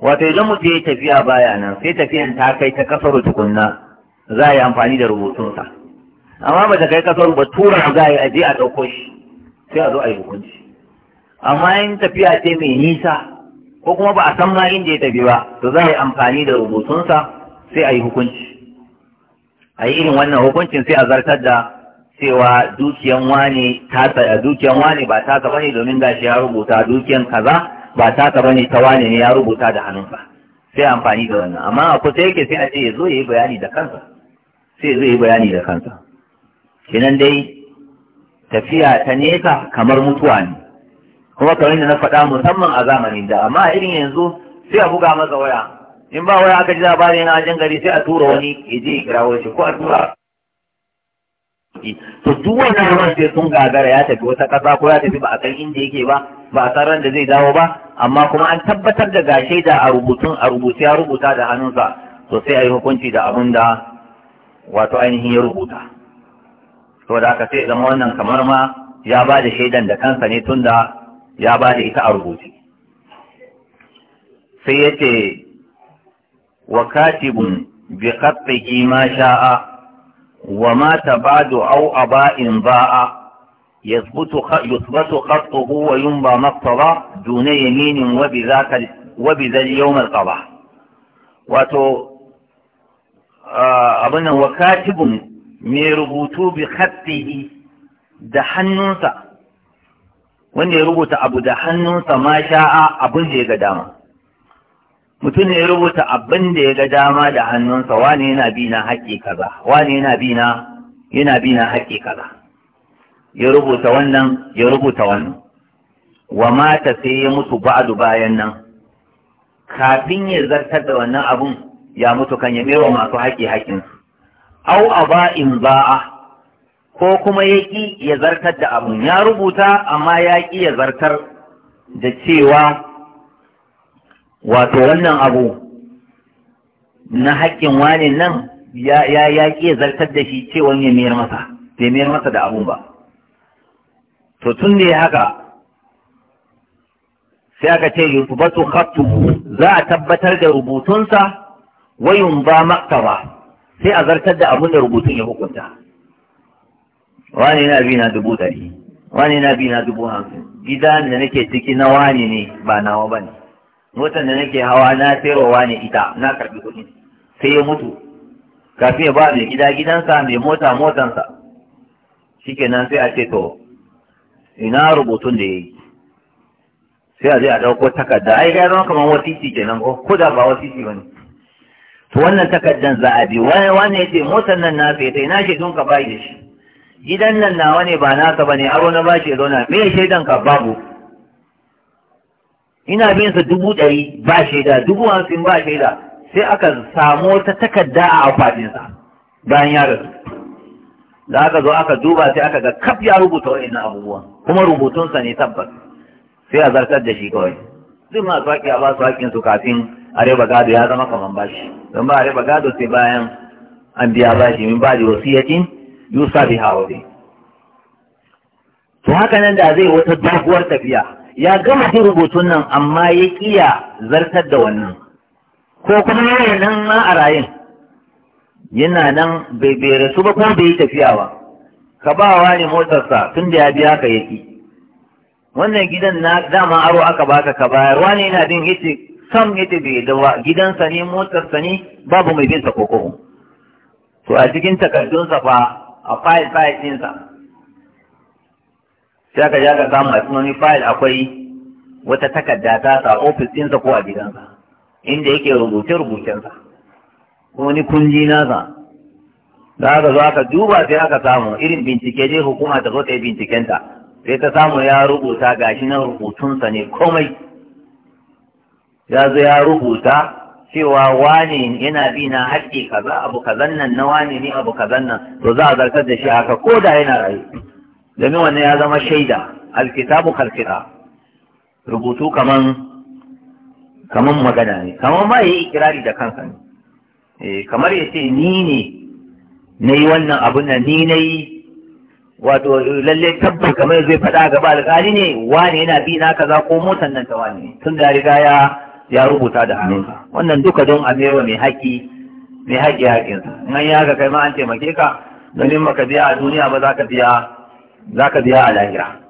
wato idan mutum ya tafiya baya nan sai tafiyan ta kai ta kasar tukunna za a yi amfani da rubutunsa amma ba ta kai kasar ba tura za a yi aje a ɗauko shi sai a zo a yi hukunci amma in tafiya ce mai nisa ko kuma ba a san ma inda ya tafi ba to za a yi amfani da rubutunsa sai a yi hukunci a yi irin wannan hukuncin sai a zartar da cewa dukiyan wani tasa dukiyan wani ba taka bane domin gashi ya rubuta dukiyan kaza ba taka bane ta wani ne ya rubuta da hannunsa sai amfani da wannan amma a kusa yake sai a ce ya zo ya yi bayani da kansa sai ya zo ya yi bayani da kansa kinan dai tafiya ta nesa kamar mutuwa ne kuma kamar yadda na faɗa musamman a zamanin da amma irin yanzu sai a buga masa waya in ba waya aka ji labarin yana ajin gari sai a tura wani ya je ya shi ko a tura to duk wannan ruwan sai sun gagara ya tafi wata ƙasa ko ya tafi ba a kan inda yake ba ba a san da zai dawo ba amma kuma an tabbatar da ga shaida a rubutun a rubuce ya rubuta da hannunsa to sai a yi hukunci da abin da wato ainihin ya rubuta to da aka sai zama wannan kamar ma ya ba da shaidan da kansa ne tun da ya ba da ita a rubuce sai ya ce wa katibun bi qattihi ma sha'a wa ma tabadu aw aba'in ba'a يثبت يثبت خطه وينبى ما اقتضى دون يمين وبذاك وبذا اليوم القضاء واتو abin wakatibun mai rubutu bi khatihi da hannunsa wanda ya rubuta abu da hannunsa ma sha'a abin da ya ga dama mutum ne ya rubuta abin da ya ga dama da hannunsa wani yana bi na haƙƙi kaza wani yana bi na yana bi na haƙƙi kaza ya rubuta wannan ya rubuta wannan wa mata sai ya mutu ba'du bayan nan kafin ya zartar da wannan abun ya mutu kan ya mewa masu haƙƙi haƙƙinsu au ba in ba'a ko kuma ya ƙi ya zartar da abu ya rubuta amma ya ƙi ya zartar da cewa wato wannan abu na haƙƙin wani nan ya ƙi ya zartar da shi cewa ya mayar masa bai mayar masa da abun ba to tun da ya haka sai aka ce yutubatu khattuhu za a tabbatar da rubutunsa wayun ba maktaba sai a zartar da abun da rubutun ya hukunta wani na bi na dubu ɗari wani na bi na dubu hamsin gida da nake ciki na wani ne ba nawa ba ne motar da nake hawa na sayarwa wani ita na karɓi kuɗi sai ya mutu kafin ya ba mai gida gidansa mai mota motansa shikenan sai a ce to ina rubutun da ya yi sai a je a ɗauko takarda ai ya zama kamar wasisi kenan ko ko da ba wasisi ba ne to wannan takardan za a bi wani ya ce motar nan na sai ta ina shi dunka bayi da shi gidan nan nawa ne ba naka ba ne aro na bashi ya zauna me shaidan ka babu ina bin sa dubu ɗari ba shaida dubu hamsin ba shaida sai aka samu ta takarda a akwatin sa bayan ya rasu da aka zo aka duba sai aka ga kaf ya rubuta wa'annan abubuwan kuma rubutunsa ne tabbas sai a zartar da shi kawai duk masu haƙi a ba su su kafin areba gado ya zama kaman bashi don ba areba gado sai bayan an biya bashi min ba da yakin yusa bi wa bi to haka nan da zai wata doguwar tafiya ya gama da rubutun nan amma ya kiya zartar da wannan ko kuma yana nan ma a rayin yana nan bai bai rasu ba ko bai tafiya ba ka ba wa ne motarsa tun da ya biya ka yaki wannan gidan na dama aro aka baka ka bayar wani yana bin yace sam yace bai da gidansa ne motarsa ne babu mai bin sa ko to a cikin takardunsa fa a fayil fayil ɗinsa sai aka ja ka samu a cikin wani fayil akwai wata takarda ta sa ofis ɗinsa ko a gidansa inda yake rubuce rubucensa ko wani kunji nasa da aka zo aka duba sai aka samu irin bincike dai hukuma ta zo ta yi bincikenta sai ta samu ya rubuta gashi na rubutunsa ne komai ya zo ya rubuta cewa wane yana bi na haƙƙi kaza abu kazan nan na wane ne abu kazan nan to za a zartar da shi haka ko da yana rayu domin wannan ya zama shaida alkitabu kalkita rubutu kaman kaman magana ne kaman ma yayi ikirari da kansa ne eh kamar ya ce ni ne na yi wannan abun nan ni na yi wato lalle tabbar kamar zai faɗa gaba alƙali ne wane yana bi na kaza ko motan nan ta wane tun da riga ya ya rubuta da hannunsa wannan duka don amewa mai haƙi mai haƙi haƙinsa in an yi haka kai ma an taimake ka domin maka biya a duniya ba za ka biya a lahira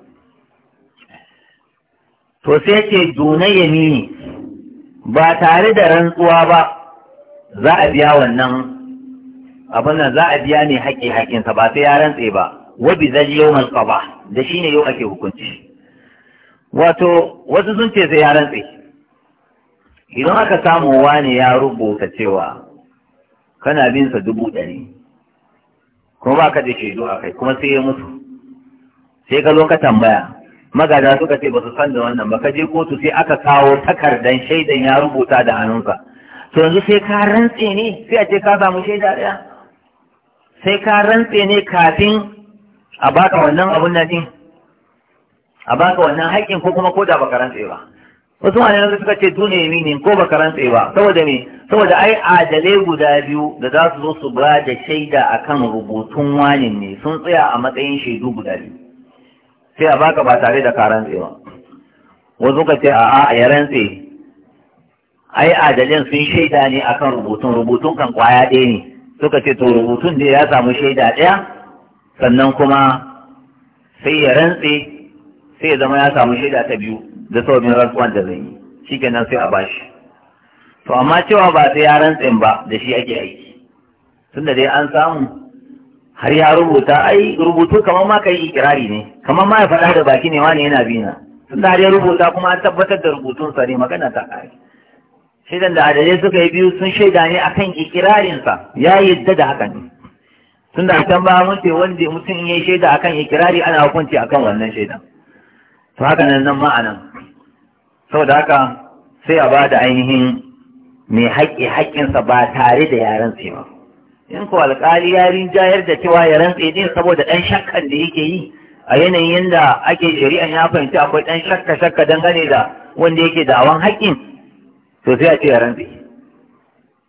to sai ce duna yamini ba tare da rantsuwa ba za a biya wannan abin nan za a biya ne haƙi haƙinsa ba sai ya rantse ba Wabi zai yi yawmal qada da ne yau ake hukunci wato wasu sun ce sai ya rantse idan aka samu wani ya rubuta cewa kana bin sa dubu ɗari kuma ba ka da shaidu a kai kuma sai ya mutu sai ka zo ka tambaya magada suka ce ba su san da wannan ba ka je kotu sai aka kawo takardan shaidan ya rubuta da hannunka to yanzu sai ka rantse ne sai a ce ka samu shaida ɗaya sai ka rantse ne kafin a baka wannan abun nan din a baka wannan haƙƙin ko kuma ko da baka rantse ba wasu wani yanzu suka ce tune minin ko baka rantse ba saboda me saboda ai adale guda biyu da za su zo su ba da shaida akan rubutun wanin ne sun tsaya a matsayin shaidu guda biyu sai a baka ba tare da ka rantse ba wasu ka ce a'a ya rantse ai adalen sun shaida ne akan rubutun rubutun kan kwaya ɗaya ne suka ce to rubutun da ya samu shaida ɗaya sannan kuma sai ya rantse sai ya zama ya samu shaida ta biyu da sababin rantsuwan da zai yi shi kenan sai a bashi to amma cewa ba sai ya rantse ba da shi ake aiki tunda dai an samu har ya rubuta ai rubutu kamar ma kai ikirari ne kamar ma ya faɗa da baki ne wani yana bina tunda har ya rubuta kuma an tabbatar da rubutunsa ne magana ta ƙare shaidan da adalai suka yi biyu sun shaida ne akan ikirarinsa ya yadda da haka ne tunda a can ba mun ce wanda mutum ya shaida akan ikirari ana hukunci akan wannan shaidan to da nan nan ma'anan saboda haka sai a ba da ainihin mai haƙƙi haƙƙinsa ba tare da ya rantse ba in ko alƙali ya rinjayar da cewa ya rantse din saboda ɗan shakkan da yake yi a yanayin yadda ake shari'a ya fahimci akwai ɗan shakka shakka dangane da wanda yake da awan haƙƙin to sai a ce ya rantse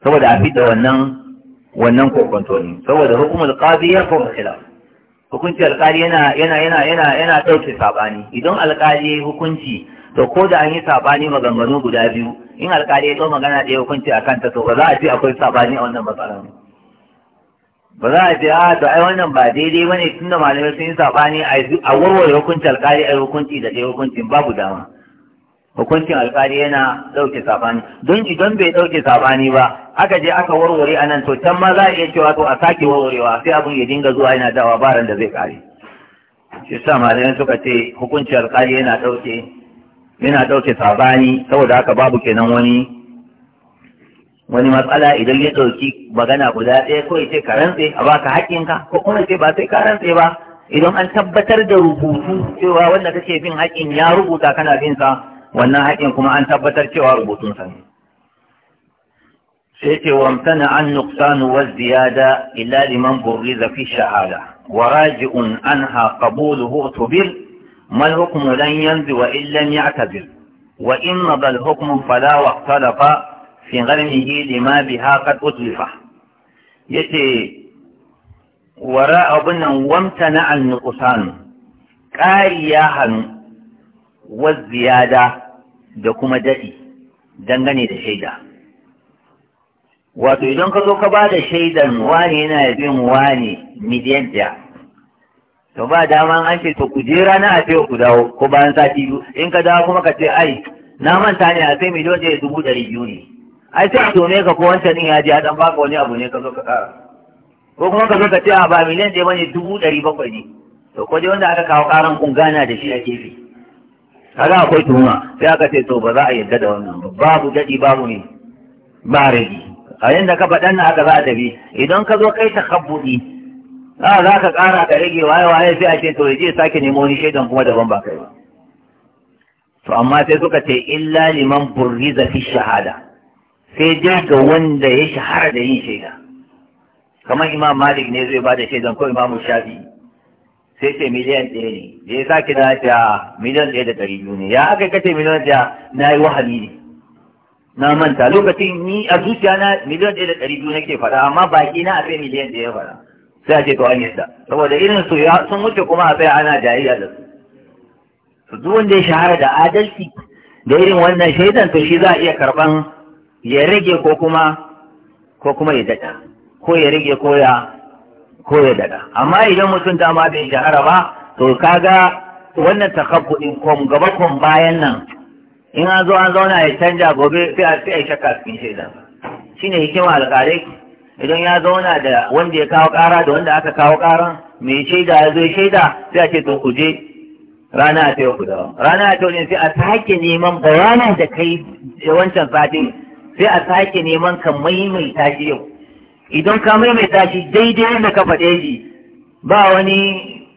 saboda a fi da wannan wannan kokonto ne saboda hukumar qadi ya kuma hukunci alkali yana yana yana yana yana ɗauke saɓani idan alkali hukunci to ko da an yi saɓani maganganu guda biyu in alkali ya ɗau magana ɗaya hukunci a kanta to ba za a ce akwai saɓani a wannan matsalar ba za a ce a ah, to ai wannan ba daidai ba ne tunda malamai sun yi saɓani a warware hukunci alkali a hukunci da ɗaya hukuncin babu dama hukuncin alƙali yana ɗauke sabani don idan bai ɗauke sabani ba aka je aka warware a nan to can ma za a iya cewa to a sake warwarewa sai abin ya dinga zuwa yana dawa baran da zai kare shi sa malamai suka ce hukuncin alƙali yana ɗauke yana ɗauke sabani saboda haka babu kenan wani wani matsala idan ya ɗauki magana guda ɗaya ko ya ce ka rantse a baka haƙƙinka ko kuma ce ba sai ka rantse ba idan an tabbatar da rubutu cewa wanda kake bin haƙƙin ya rubuta kana bin sa wannan haƙin kuma an tabbatar cewa rubutun sa ne sai ce wa wamtana an nuqsanu wa ziyada illa liman burriza fi shahada wa raji'un anha qabuluhu tubir ما الحكم لن ينزل وإن لم يعتذر وإن مضى الحكم فلا واختلف في غرمه لما بها قد أتلف يتي وراء بنا وامتنع النقصان قارياها والزيادة da kuma daɗi dangane da shaida wato idan ka zo ka ba da shaidan wane yana bin wane miliyan ɗaya to ba dama an ce to ku je rana a ce ku dawo ko bayan sati biyu in ka dawo kuma ka ce ai na manta ne a sai miliyan ɗaya dubu ɗari biyu ne ai sai a tome ka ko wancan ɗin ya je a ɗan baka wani abu ne ka zo ka ƙara ko kuma ka zo ka ce a ba miliyan ɗaya ba ne dubu ɗari bakwai ne to ko dai wanda aka kawo ƙaran kun gana da shi a gefe kaga akwai tuhuma sai aka ce to ba za a yarda da wannan ba babu dadi babu ne ba rage a yanda ka faɗan na haka za a tafi idan ka zo kai takabbudi a za ka ƙara ka rage waye waye sai a ce to yaje sake nemo wani shaidan kuma daban ba kai ba to amma sai suka ce illa liman burriza fi shahada sai dai ga wanda ya shahara da yin shaida kamar imam malik ne zai ba da shaidan ko imam shafi'i sai ce miliyan ɗaya ne da ya ki na ta miliyan ɗaya da ɗari biyu ne ya aka kace miliyan ɗaya na yi wahali ne na manta lokacin ni a zuciya na miliyan ɗaya da ɗari biyu nake faɗa amma baki na a sai miliyan ɗaya faɗa sai a ce to an yadda saboda irin su ya sun wuce kuma a sai ana jariya da su duk wanda ya shahara da adalci da irin wannan shaidan to shi za a iya karɓan ya rage ko kuma ko kuma ya daɗa ko ya rage ko ya ko ya daɗa amma idan mutum dama bai shahara ba to kaga wannan takabbudin kom gaba kom bayan nan in an zo an zauna ya canja gobe sai a sai a shakka cikin shaidan ne hikima alƙalai idan ya zauna da wanda ya kawo ƙara da wanda aka kawo ƙaran mai shaida ya zo shaida sai a ce to ku je rana a tewa ku dawo rana a ne sai a sake neman bayanin da kai wancan sati sai a sake neman ka maimaita shi yau idan ka maimaita shi daidai yadda ka faɗe shi ba wani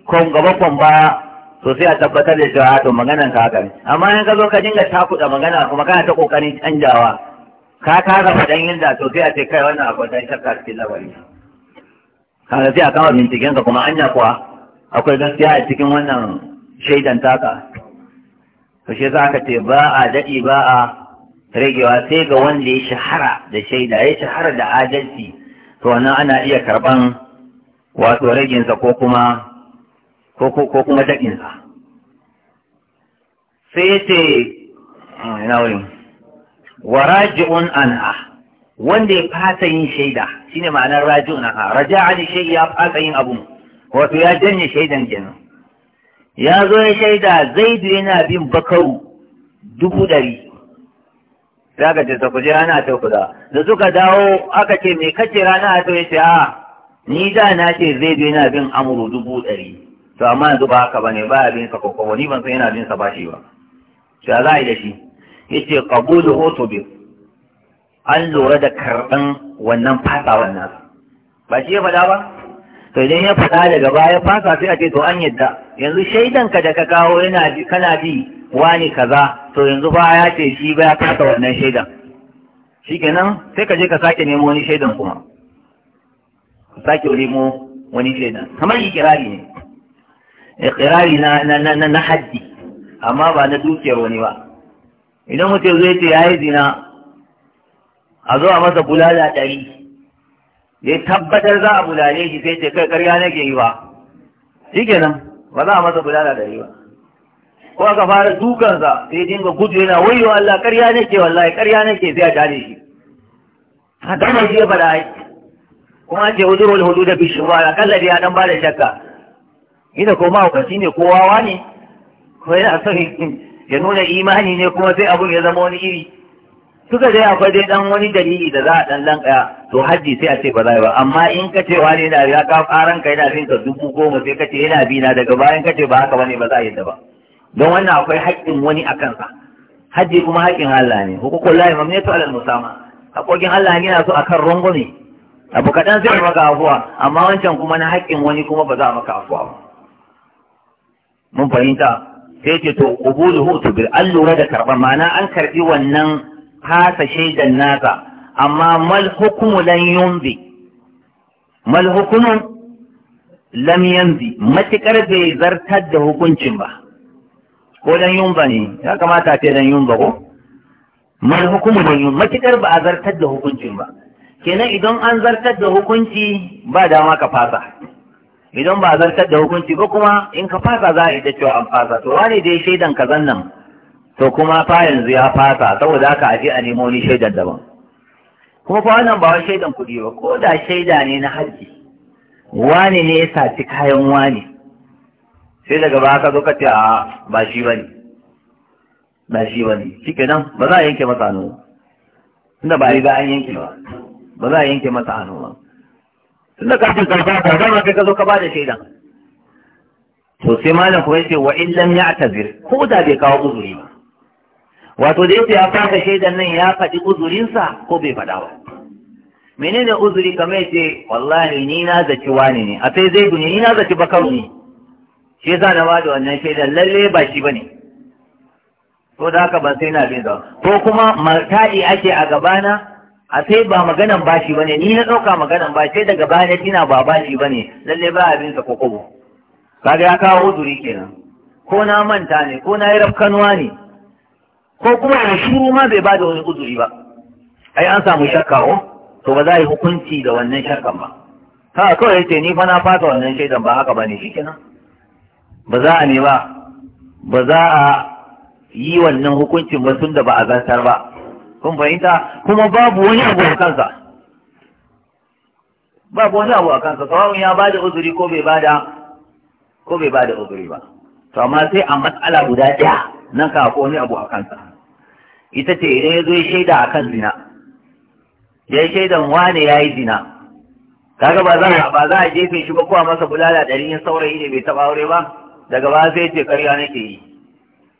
kwan gaba baya to sai a tabbatar da shi to maganan ka haka ne amma in ka zo ka dinga takuɗa magana kuma kana ta ƙoƙarin canjawa ka kasa faɗan yadda to sai a ce kai wannan akwai dan shakka cikin labari kaga sai a kama binciken ka kuma anya kuwa akwai gaskiya a cikin wannan shaidan taka to shi za ka ce ba a daɗi ba a ragewa sai ga wanda ya shahara da shaida ya shahara da adalci to wannan ana iya karban wato raginsa ko kuma ko ko kuma daɗinsa sai ce ina wurin wa raji'un anha wanda ya fasa yin shaida shine ma'anar raji'un anha raja'a ni shay ya fasa yin abun wato ya janye shaidan kenan ya zo ya shaida zaidu yana bin bakaru dubu ɗari sai aka ce ta kuje rana ta kuda da suka dawo aka ce me kace rana ta yace a ni da na ce zai bi na bin amuru dubu ɗari to amma yanzu ba haka ba ne, ba bin sa kokobo ni ban san yana bin sa bashi ba sai za a yi da shi Ya ce yace hoto utubi an lura da karɓan wannan fasa wannan. ba shi ya faɗa ba to idan ya faɗa daga baya fasa sai a ce to an yadda yanzu shaidanka da ka kawo yana kana bi wani kaza to yanzu ba ya ce shi ba ya kasa wannan shaidan kenan sai ka je ka sake nemo wani shaidan kuma ka sake nemo wani shaidan kamar ikirari ne ikirari na na na na haddi amma ba na dukiyar wani ba idan mutum zai ce ya yi zina a zo a masa bulala ɗari ya tabbatar za a bulale shi sai ce kai ƙarya nake yi ba kenan ba za a masa bulala ɗari ba ko aka fara dukansa sai dinga gudu yana wayo Allah ƙarya nake wallahi ƙarya nake sai a tare shi hakan da ya faɗa aiki. kuma ce da hududa bi shubara kalla dai dan ba da shakka ina ko ma wakaci ne ko wawa ne ko yana son ya nuna imani ne kuma sai abun ya zama wani iri suka dai akwai dai dan wani dalili da za a dan lankaya to hajji sai a ce ba za ba amma in ka ce wani yana ya ka karan ka yana fin ka dubu goma sai ka ce yana bi na daga bayan ka ce ba haka bane ba za a yi ba don wannan akwai haƙƙin wani a kansa haji kuma haƙƙin Allah ne hukukun lahi mamnetu alal musama Hakokin Allah ne yana so a kan rungume abu kadan zai maka afuwa amma wancan kuma na haƙƙin wani kuma ba za a maka afuwa ba mun fahimta sai ce to ubulu hutu bil an lura da karɓar. ma'ana an karɓi wannan fasa shaidan nasa amma mal hukumu lan yunzi mal hukumu lam yanzi matukar bai zartar da hukuncin ba ko dan yumba ne ya kamata ce dan yumba ko mai hukumu dan yumba matikar ba a zartar da hukuncin ba kenan idan an zartar da hukunci ba dama ka fasa idan ba a zartar da hukunci ba kuma in ka fasa za a yi da cewa an fasa to wane dai shaidan kazan nan to kuma fa yanzu ya fasa saboda haka je a nemo ni shaidan daban kuma fa wannan ba shaidan kuɗi ba ko da shaida ne na haji wane ne ya saci kayan wane sai daga ba ka zo ka ce a ba shi ne ba shi ke nan ba za a yanke masa hannu tunda ba riga an yanke ba ba za a yanke masa hannu ba tunda ka ce karfa ka zama kai ka zo ka ba da shaidan to sai malam kuma yace wa in lam ya'tazir ko da bai kawo uzuri ba wato da yace ya faka shaidan nan ya faɗi uzurinsa ko bai faɗa ba menene uzuri kamar yace wallahi ni na zaci wani ne a sai zai ne ni na zaci bakaru ne shi yasa na bada wannan shaidar lalle ba shi bane Ko da haka ban sai na bin sa ko kuma martadi ake a gabana a sai ba maganan bashi bane ni na ɗauka maganan ba sai daga baya tina ba bashi bane lalle ba abin sa kokobo kaga ya kawo uzuri kenan ko na manta ne ko na yi rafkanuwa ne ko kuma a shiru ma bai bada wani uzuri ba ai an samu shakka ko to ba za a yi hukunci da wannan shakkan ba ha kawai ce ni fa na fata wannan shaidan ba haka bane kenan? ba za a ne ba ba za a yi wannan hukuncin ba tun da ba a zartar ba kun fahimta kuma babu wani abu a kansa babu wani abu a kansa kawai ya ba da uzuri ko bai bada ko bai bada uzuri ba to amma sai a matsala guda ɗaya nan ka ko wani abu a kansa ita ce idan ya zo ya shaida a kan zina ya shaidan wane ya yi zina kaga ba za a ba za a jefe shi ba kuwa masa bulala ɗari ya saurayi ne bai taɓa aure ba daga ba sai ce karya nake yi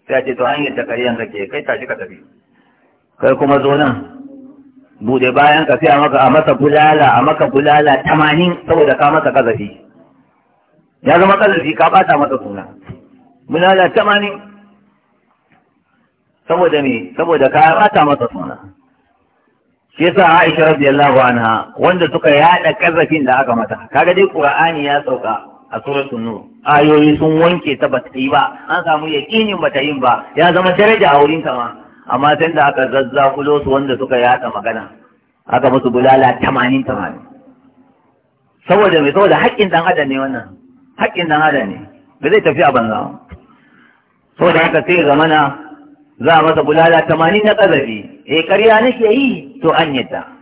sai ce to hanyar da karyan ke, kai tashi ka tafi kai kuma zo nan bude bayan ka sai a maka a masa bulala a maka bulala tamanin saboda ka masa kazafi ya zama kazafi ka bata masa suna bulala tamanin saboda me saboda ka bata masa suna shi yasa Aisha radiyallahu anha wanda suka yada kazafin da aka mata kaga dai Qur'ani ya sauka a suratul nur ayoyi sun wanke ta ta yi ba an samu yakinin ta yi ba ya zama daraja a wurin ma amma sai da aka kulo su wanda suka yada magana aka musu bulala tamanin tamanin saboda mai saboda haƙƙin dan adam ne wannan haƙƙin dan adam ne ba zai tafi a banza saboda haka sai zamana za a masa bulala tamanin na ƙazafi eh ƙarya nake yi to an yadda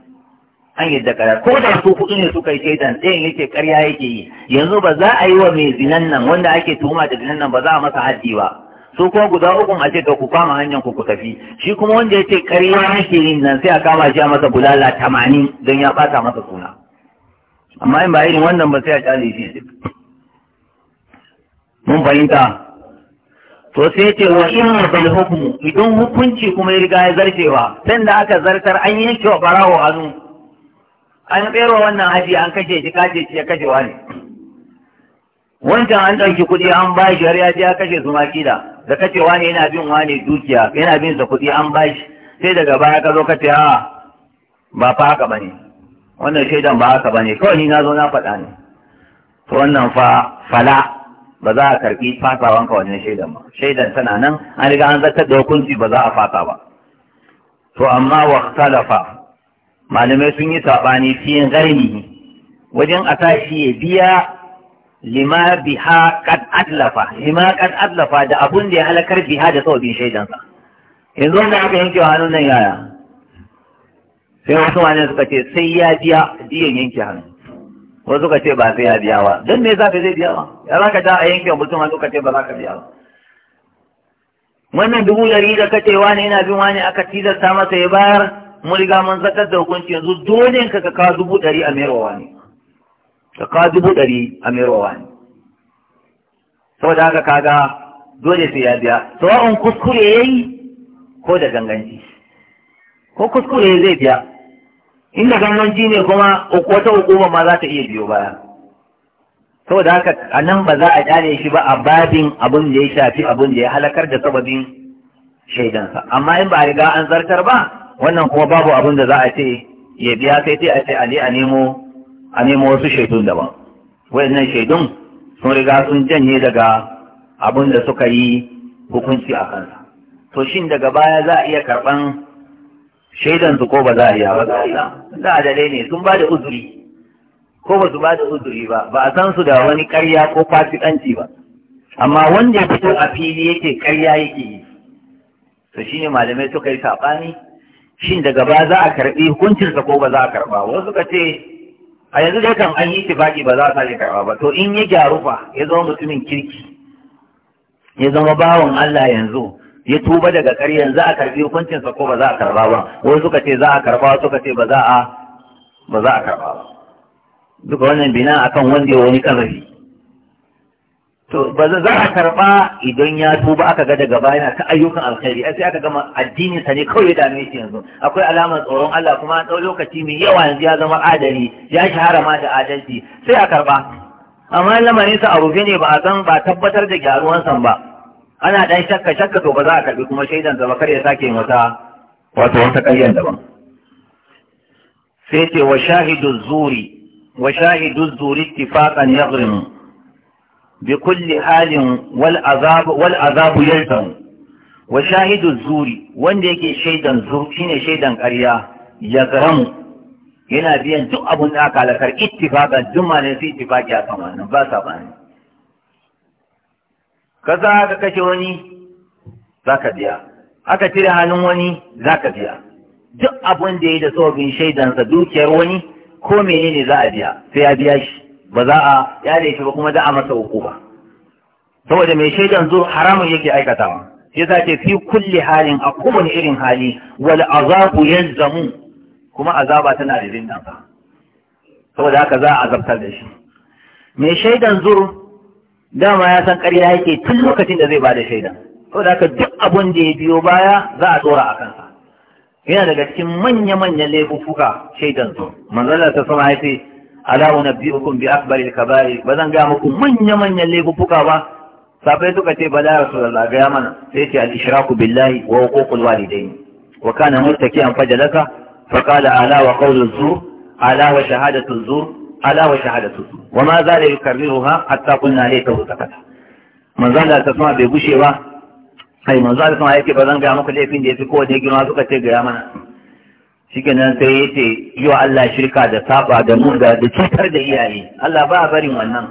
an yadda ƙarar ko da su hudu ne suka yi shaidan ɗayan yake ƙarya yake yi yanzu ba za a yi wa mai zinan nan wanda ake tuhuma da zinan nan ba za a masa haddi ba su kuma guda uku a ce ka ku kama hanyar ku ku tafi shi kuma wanda yake ƙarya yake yin nan sai a kama shi a masa bulala tamanin don ya ɓata masa suna amma in ba irin wannan ba sai a kyale shi mun fahimta to sai ce wa in bil hukumu idan hukunci kuma ya riga ya zarcewa sanda aka zartar an yanke wa barawo hannu an tsero wannan haji an kashe shi kaje shi ya kashe wani wancan an ɗauki kuɗi an ba shi har ya je ya kashe su makila da kashe wani yana bin wani dukiya yana bin sa kuɗi an ba shi sai daga baya ka zo ka ce a ah, ba fa haka bane wannan shaidan ba haka bane kawai ni na zo na faɗa ne to wannan fa fala ba za a karɓi fasawanka wannan shaidan ba shaidan tana nan an riga an zartar da hukunci ba za a fasa ba to amma wa talafa malamai sun yi saɓani fiye garni wajen a tashi ya biya lima biha kad adlafa lima kad adlafa da abun da ya halakar biha da sababin shaidansa yanzu wanda aka yanke wa hannun nan yaya sai wasu wani suka ce sai ya biya biyan yanke hannu wasu suka ce ba sai ya biya ba don me za ka zai biya ba ya za ka da a yanke mutum wasu ka ce ba za ka biya ba wannan dubu dari da kacewa ne yana bin wani aka tilasta masa ya bayar mun riga mun zakar da hukunci yanzu dole ka ka kawo dubu ɗari a merowa ne ka kawo dubu ɗari a merowa ne saboda haka kaga dole sai ya biya sawa'un kuskure ya yi ko da ganganci ko kuskure zai biya inda ganganci ne kuma wata hukuma ma za ta iya biyo baya saboda haka a nan ba za a ƙyale shi ba a babin abin da ya shafi abin da ya halakar da sababin shaidansa amma in ba a riga an zartar ba wannan kuma babu abin da za a ce ya biya sai sai a ce a a nemo a nemo wasu shaidun daban wayannan shaidun sun riga sun janye daga abin da suka yi hukunci a kansa to shin daga baya za a iya karban shaidan su ko ba za a iya ba za a iya ne sun ba da uzuri ko ba su ba da uzuri ba ba a san su da wani karya ko fasikanci ba amma wanda ya fito a fili yake karya yake yi to shine malamai suka yi saɓani shin daga ba za a karɓi hukuncinsa ko ba za a karɓa wasu suka ce a yanzu dai kan an yi tifaki ba za a sake karɓa ba to in ya gyaru fa ya zama mutumin kirki ya zama bawan Allah yanzu ya tuba daga kar za a karɓi hukuncinsa ko ba za a karɓa ba wasu suka ce za a karɓa wasu suka ce ba za a ba za a karɓa ba duka wannan bina akan wanda ya wani kazafi to ba za a karba idan ya tuba aka ga daga baya ta ayyukan alkhairi sai aka gama addinin sa ne kawai ya dame shi yanzu akwai alamar tsoron Allah kuma an dau lokaci mai yawa yanzu ya zama adali ya shahara ma da adalci sai a karba amma lamarin sa a rufe ne ba a san ba tabbatar da gyaruwan san ba ana dan shakka shakka to ba za a karbi kuma shaidan ba kar ya sake wata wato wata da ba sai ce wa shahidu zuri wa shahidu zuri ittifaqan yaghrimu bi kulli halin wal azabu wal azabu wa shahidu zuri wanda yake shaidan zur shine shaidan ƙarya ya garamu yana biyan duk abun da aka halakar ittifaqan jumma ne su ittifaqi a kan wannan ba sa bani kaza ka kashe wani zaka biya aka cire hannun wani zaka biya duk abun da yayi da tsobin shaidansa dukiyar wani ko menene za a biya sai ya biya shi ba za a yare shi ba kuma za a masa uku ba. saboda mai shaidan zur haramun yake aikatawa ya zace fi kulle halin a kowane irin hali wal azabu ya zamu kuma azaba tana da zindan saboda haka za a azabtar da shi mai shaidan zur dama ya san ƙarya yake tun lokacin da zai ba da shaidan saboda haka duk abun da ya biyo baya za a tsora a kansa yana daga cikin manya-manyan laifuka shaidan zur manzalar ta sama ya ala wa nabiyukum bi akbar al ba bazan ga muku manya manyan laifuka ba safai suka ce bala rasulullah ga ya mana sai ce al-ishraku billahi wa huququl walidain wa kana muttaki'an fajalaka fa qala ala wa qawlu zur ala wa shahadatu zur ala wa shahadatu zur wa ma zala yukarriruha hatta qulna laytahu sakata manzo Allah ta sama bai gushe ba sai manzo da ta aiki yake bazan ga muku laifin da yafi kowace girma suka ce ga ya mana nan sai ya ce yi wa Allah shirka da saba da muga da cutar da iyaye Allah ba a barin wannan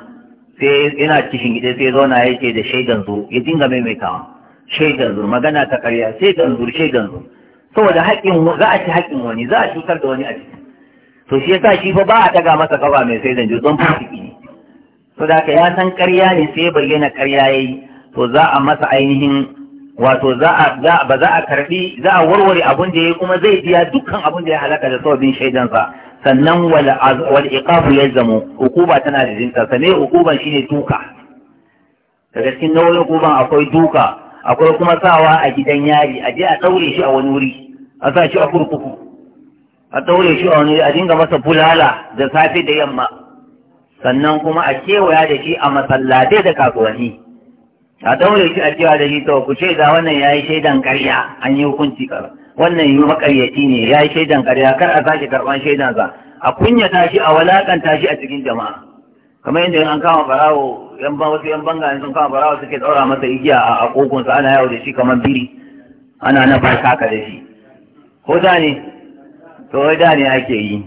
sai yana cikin gida sai zauna ya ce da shaidan zu ya dinga maimaitawa shaidan zu magana ta karya shaidan zu shaidan zu saboda haƙƙin za a ci haƙƙin wani za a cutar da wani a ciki to shi yasa shi fa ba a taga masa kafa mai sai zanjo don fasiki ne saboda ka ya san karya ne sai bayyana karya yayi to za a masa ainihin wato za a ba za a karbi za a warware abun da ya kuma zai biya dukkan abun da ya halaka da sababin shaidansa sannan wal iqabu yalzamu hukuma tana da jinta sane hukuman shine duka daga cikin nauyin hukuman akwai duka akwai kuma sawa a gidan yari a je a daure shi a wani wuri a sa shi a kurkuku a daure shi a wani wuri a dinga masa bulala da safe da yamma sannan kuma a kewaya da shi a masallatai da kasuwanni a daure shi a cewa da shi to ku shaida wannan ya yi shaidan karya an yi hukunci ka wannan yi makaryaci ne ya yi shaidan karya kar a sake karɓan shaidansa a kunyata shi a walakanta shi a cikin jama'a kamar yadda an kama barawo yan ban wasu yan banga sun kama barawo suke tsora masa igiya a kogonsa ana yawo da shi kamar biri ana na farka ka da shi ko da ne to wai da ne ake yi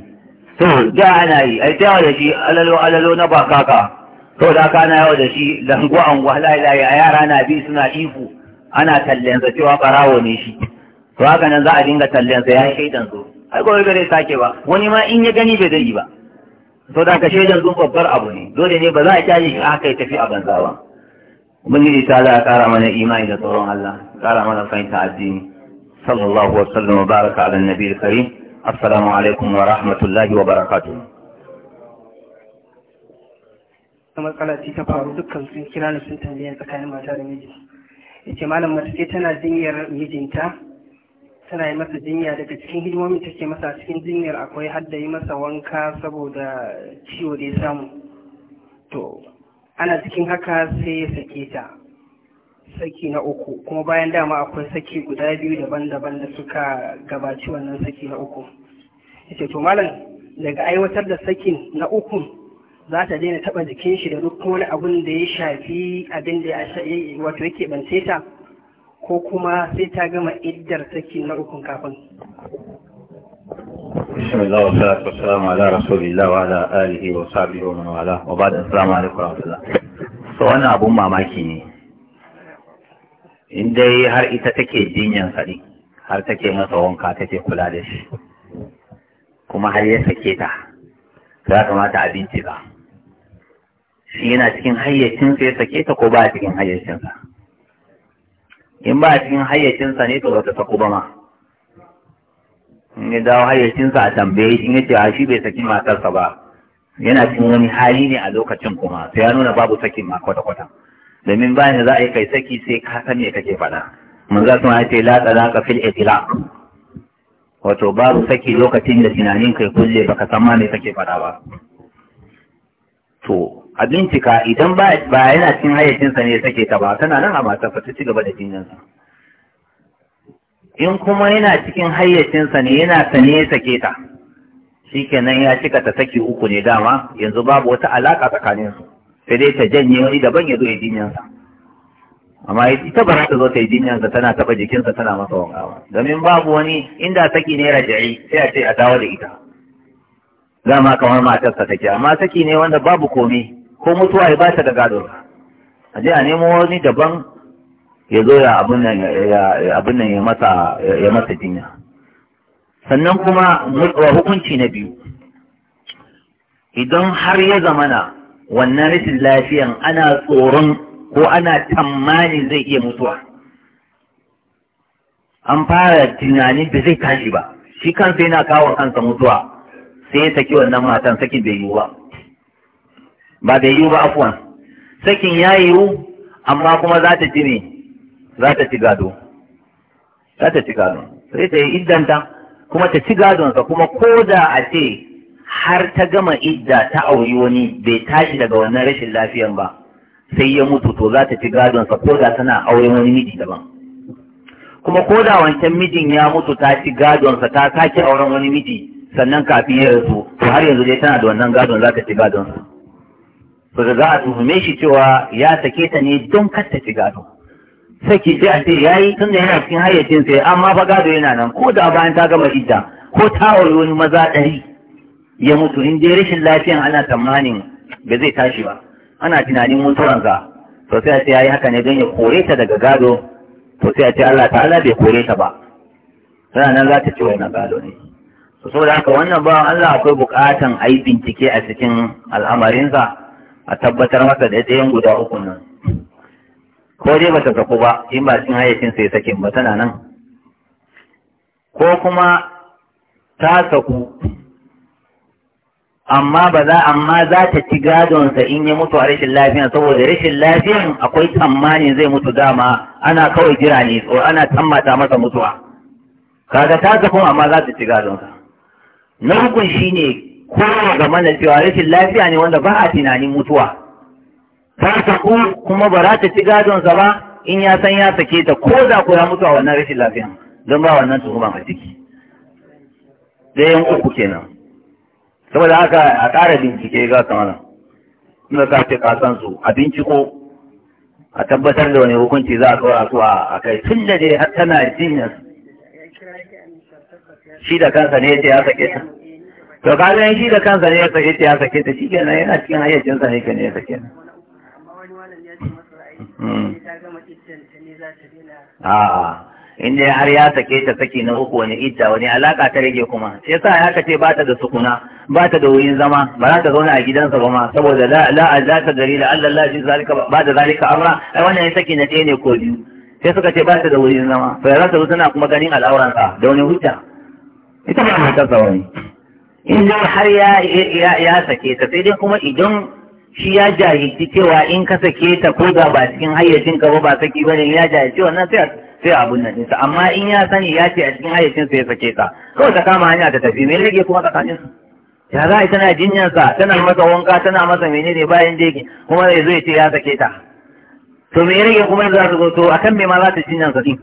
to da ana yi ai tawa da shi alalo alalo na kaka to da kana yau da shi lango anguwa layi a yara na bi suna ihu ana tallensa cewa barawo ne shi to haka nan za a dinga tallensa ya shaidan su ai gobe gare sake ba wani ma in ya gani bai zai ba to da ka shaidan sun babbar abu ne dole ne ba za a caji shi haka ya tafi a banza ba ubangiji ta za a kara mana imani da tsoron Allah kara mana fahimta addini sallallahu wa sallam wa baraka ala nabiyil karim assalamu alaikum wa rahmatullahi wa barakatuh na matsala ce ta faru dukkan sun kira ni sun tambaya tsakanin mata da miji ce malam mace tana jinyar mijinta tana yi masa jinya daga cikin hidimomin take masa cikin jinyar akwai da yi masa wanka saboda ciwo da ya samu to ana cikin haka sai ya sake ta saki na uku kuma bayan dama akwai saki guda biyu daban-daban da suka gabaci wannan saki na uku ce to malam daga aiwatar da sakin na uku za ta daina taɓa jikin shi da duk wani abun da ya shafi abin da wato yake bance ta ko kuma sai ta gama iddar saki na ukun kafin abun mamaki ne in dai har ita take jinyan sadi har take masa wanka take kula da shi kuma har ya sake ta ka mata a bincika shi yana cikin hayyacinsa ya sake ta ko ba a cikin hayyacinsa in ba a cikin hayyacinsa ne to ta sako ba ma in ya dawo hayyacinsa a tambaye shi ya ce a shi bai saki matarsa ba yana cikin wani hali ne a lokacin kuma sai ya nuna babu sakin ma kwata-kwata domin bayan da za a yi kai saki sai ka san me kake faɗa mun za su ma ce la ka fil itlaq wato babu saki lokacin da tunanin kai kulle baka san ma me kake faɗa ba to a bincika idan ba yana cin hayyacinsa ne sake ta ba tana nan a matarsa ta ci gaba da jinyansa in kuma yana cikin hayyacinsa ne yana sane ya sake ta nan ya cika ta saki uku ne dama yanzu babu wata alaka tsakanin su sai dai ta janye wani daban ya zo ya jinyansa amma ita ba za ta zo ta yi jinyansa tana taɓa jikinsa tana masa wangawa domin babu wani inda saki ne raja'i sai a ce a dawo da ita dama kamar matarsa take amma saki ne wanda babu komai ko mutuwa ya bata da gado a je a nemo wani daban ya zo ya abin nan ya masa jinya sannan kuma wa hukunci na biyu idan har ya zamana wannan rashin lafiyan ana tsoron ko ana tamani zai iya mutuwa an fara tunanin da zai tashi ba shi kansa yana kawo kansa mutuwa sai ya saki wannan matan sakin bai yiwu ba ba da yiwu ba afuwan sakin ya yiwu amma kuma za ta ci ne za ta ci gado za ta ci gado sai ta yi iddanta kuma ta ci gadonsa kuma ko da a ce har ta gama idda ta auri wani bai tashi daga wannan rashin lafiyan ba sai ya mutu to za ta ci gadonsa ko da tana auren wani miji daban kuma ko da wancan mijin ya mutu ta ci gadonsa ta sake auren wani miji sannan kafin ya rasu to har yanzu dai tana da wannan gadon za ta ci gadonsa ba za a tuhume shi cewa ya sake ta ne don kasta ci gado saki sai a ce ya yi tun da yana cikin hayyacinsa, sai amma fa gado yana nan ko da bayan ta gama idda ko ta aure wani maza ɗari ya mutu in dai rashin lafiyan ana tsammanin ba zai tashi ba ana tunanin mutuwansa to sai a ce ya yi haka ne don ya kore ta daga gado to sai a ce Allah ta'ala bai kore ta ba sannan za ta ci wannan gado ne saboda haka wannan ba Allah akwai bukatan a yi bincike a cikin al'amarinsa a tabbatar masa da ɗayan guda uku nan ko dai ba ta saku ba in ba cin hayyacin sai sakin ba tana nan ko kuma ta saku amma ba za amma za ta ci gadonsa in ya mutu a rashin lafiya saboda rashin lafiyan akwai tsammanin zai mutu dama ana kawai jira ne tsoro ana tsammata masa mutuwa kaga ta saku amma za ta ci gadonsa na hukun shine ko ga mana cewa rashin lafiya ne wanda ba a tunanin mutuwa ta saku kuma ba za ta ci gadonsa ba in ya san ya sake ta ko da ko ya mutu a wannan rashin lafiya don ba wannan tuhuma a ciki ɗayan uku kenan saboda haka a ƙara bincike ga kamar inda ka ce ka san su a binciko a tabbatar da wani hukunci za a tsora su a kai tun da dai har tana jinyar shi da kansa ne ya ce ya sake ta to ka zan shi da kansa ne ya sake ta ya sake ta shi nan yana cikin hayyacinsa ne ne ya sake ta hmm. a'a inda har ya sake ta saki na uku wani ita wani alaka ta rage kuma ya sa ya kace ba ta da sukuna ba ta da wurin zama ba za ta zauna a gidansa ba ma saboda la a za ta gari da Allah la shi zalika ba da zalika amra ai wannan ya saki na ɗaya ne ko biyu sai suka ce ba ta da wurin zama fa za ta zo tana kuma ganin al'auransa da wani hujja ita ba ta kasa wani in dai har ya sake ta sai dai kuma idan shi ya jahilci cewa in ka sake ta ko da ba cikin hayyacin ka ba ba saki bane ya jahilci wannan sai sai abun nan ɗinsa amma in ya sani ya ce a cikin hayyacin sa ya sake ta kawai ta kama hanya ta tafi me rage kuma tsakanin su ya za tana jinyar sa tana masa wanka tana masa menene bayan jeki kuma zai zo ya ce ya sake ta to me rage kuma za su zo to akan me ma za ta jinyar sa din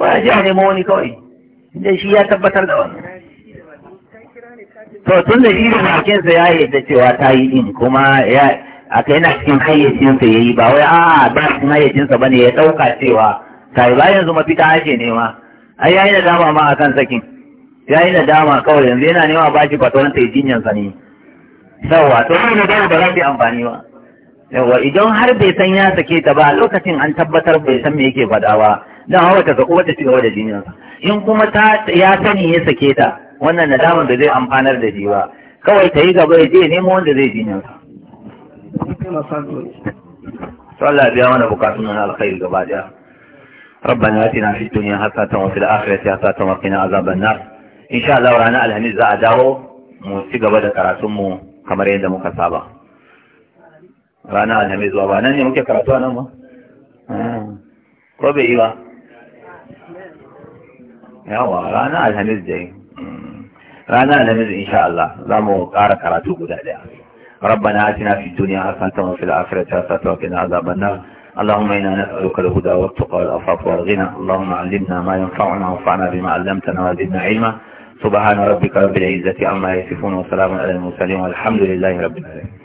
ko ya ji a nemo wani kawai dai shi ya tabbatar da wannan to tun da shi da bakinsa ya yi da cewa ta yi din kuma ya aka yana cikin hayyacinsa ya yi ba wai a ba cikin hayyacinsa ba ne ya ɗauka cewa kai ba yanzu mafita ake nema ai ya yi dama ma akan sakin ya yi dama kawai yanzu yana nema ba shi fatawan ta yi jinyansa ne yawa to ne da ba za su yi amfani ba yawa idan har bai san ya sake ta ba lokacin an tabbatar bai san me yake faɗa ba dan hawa ta sako wata cigaba da jinyansa in kuma ta ya sani ya sake ta wannan nadaman da zai amfanar da shi ba kawai ta yi gaba ya je mu wanda zai ji nan Allah biya mana bukatun nan alkhairi gaba ɗaya. na daya ربنا اتنا في الدنيا حسنة وفي الآخرة حسنة وقنا عذاب النار Alhamis za a dawo mu ci gaba da karatunmu kamar yadda muka saba rana alhamis ba nan ne muke karatu a nan ba ah. ko bai yi ba yawa rana alhamis da yi رانا alamis إن شاء الله mu ƙara karatu guda ɗaya ربنا آتنا في الدنيا حسنة وفي الآخرة حسنة وقنا عذاب النار اللهم إنا نسألك الهدى والتقى والعفاف والغنى اللهم علمنا ما ينفعنا وانفعنا بما علمتنا وزدنا علما سبحان ربك رب العزة عما يصفون وسلام على المرسلين والحمد لله رب العالمين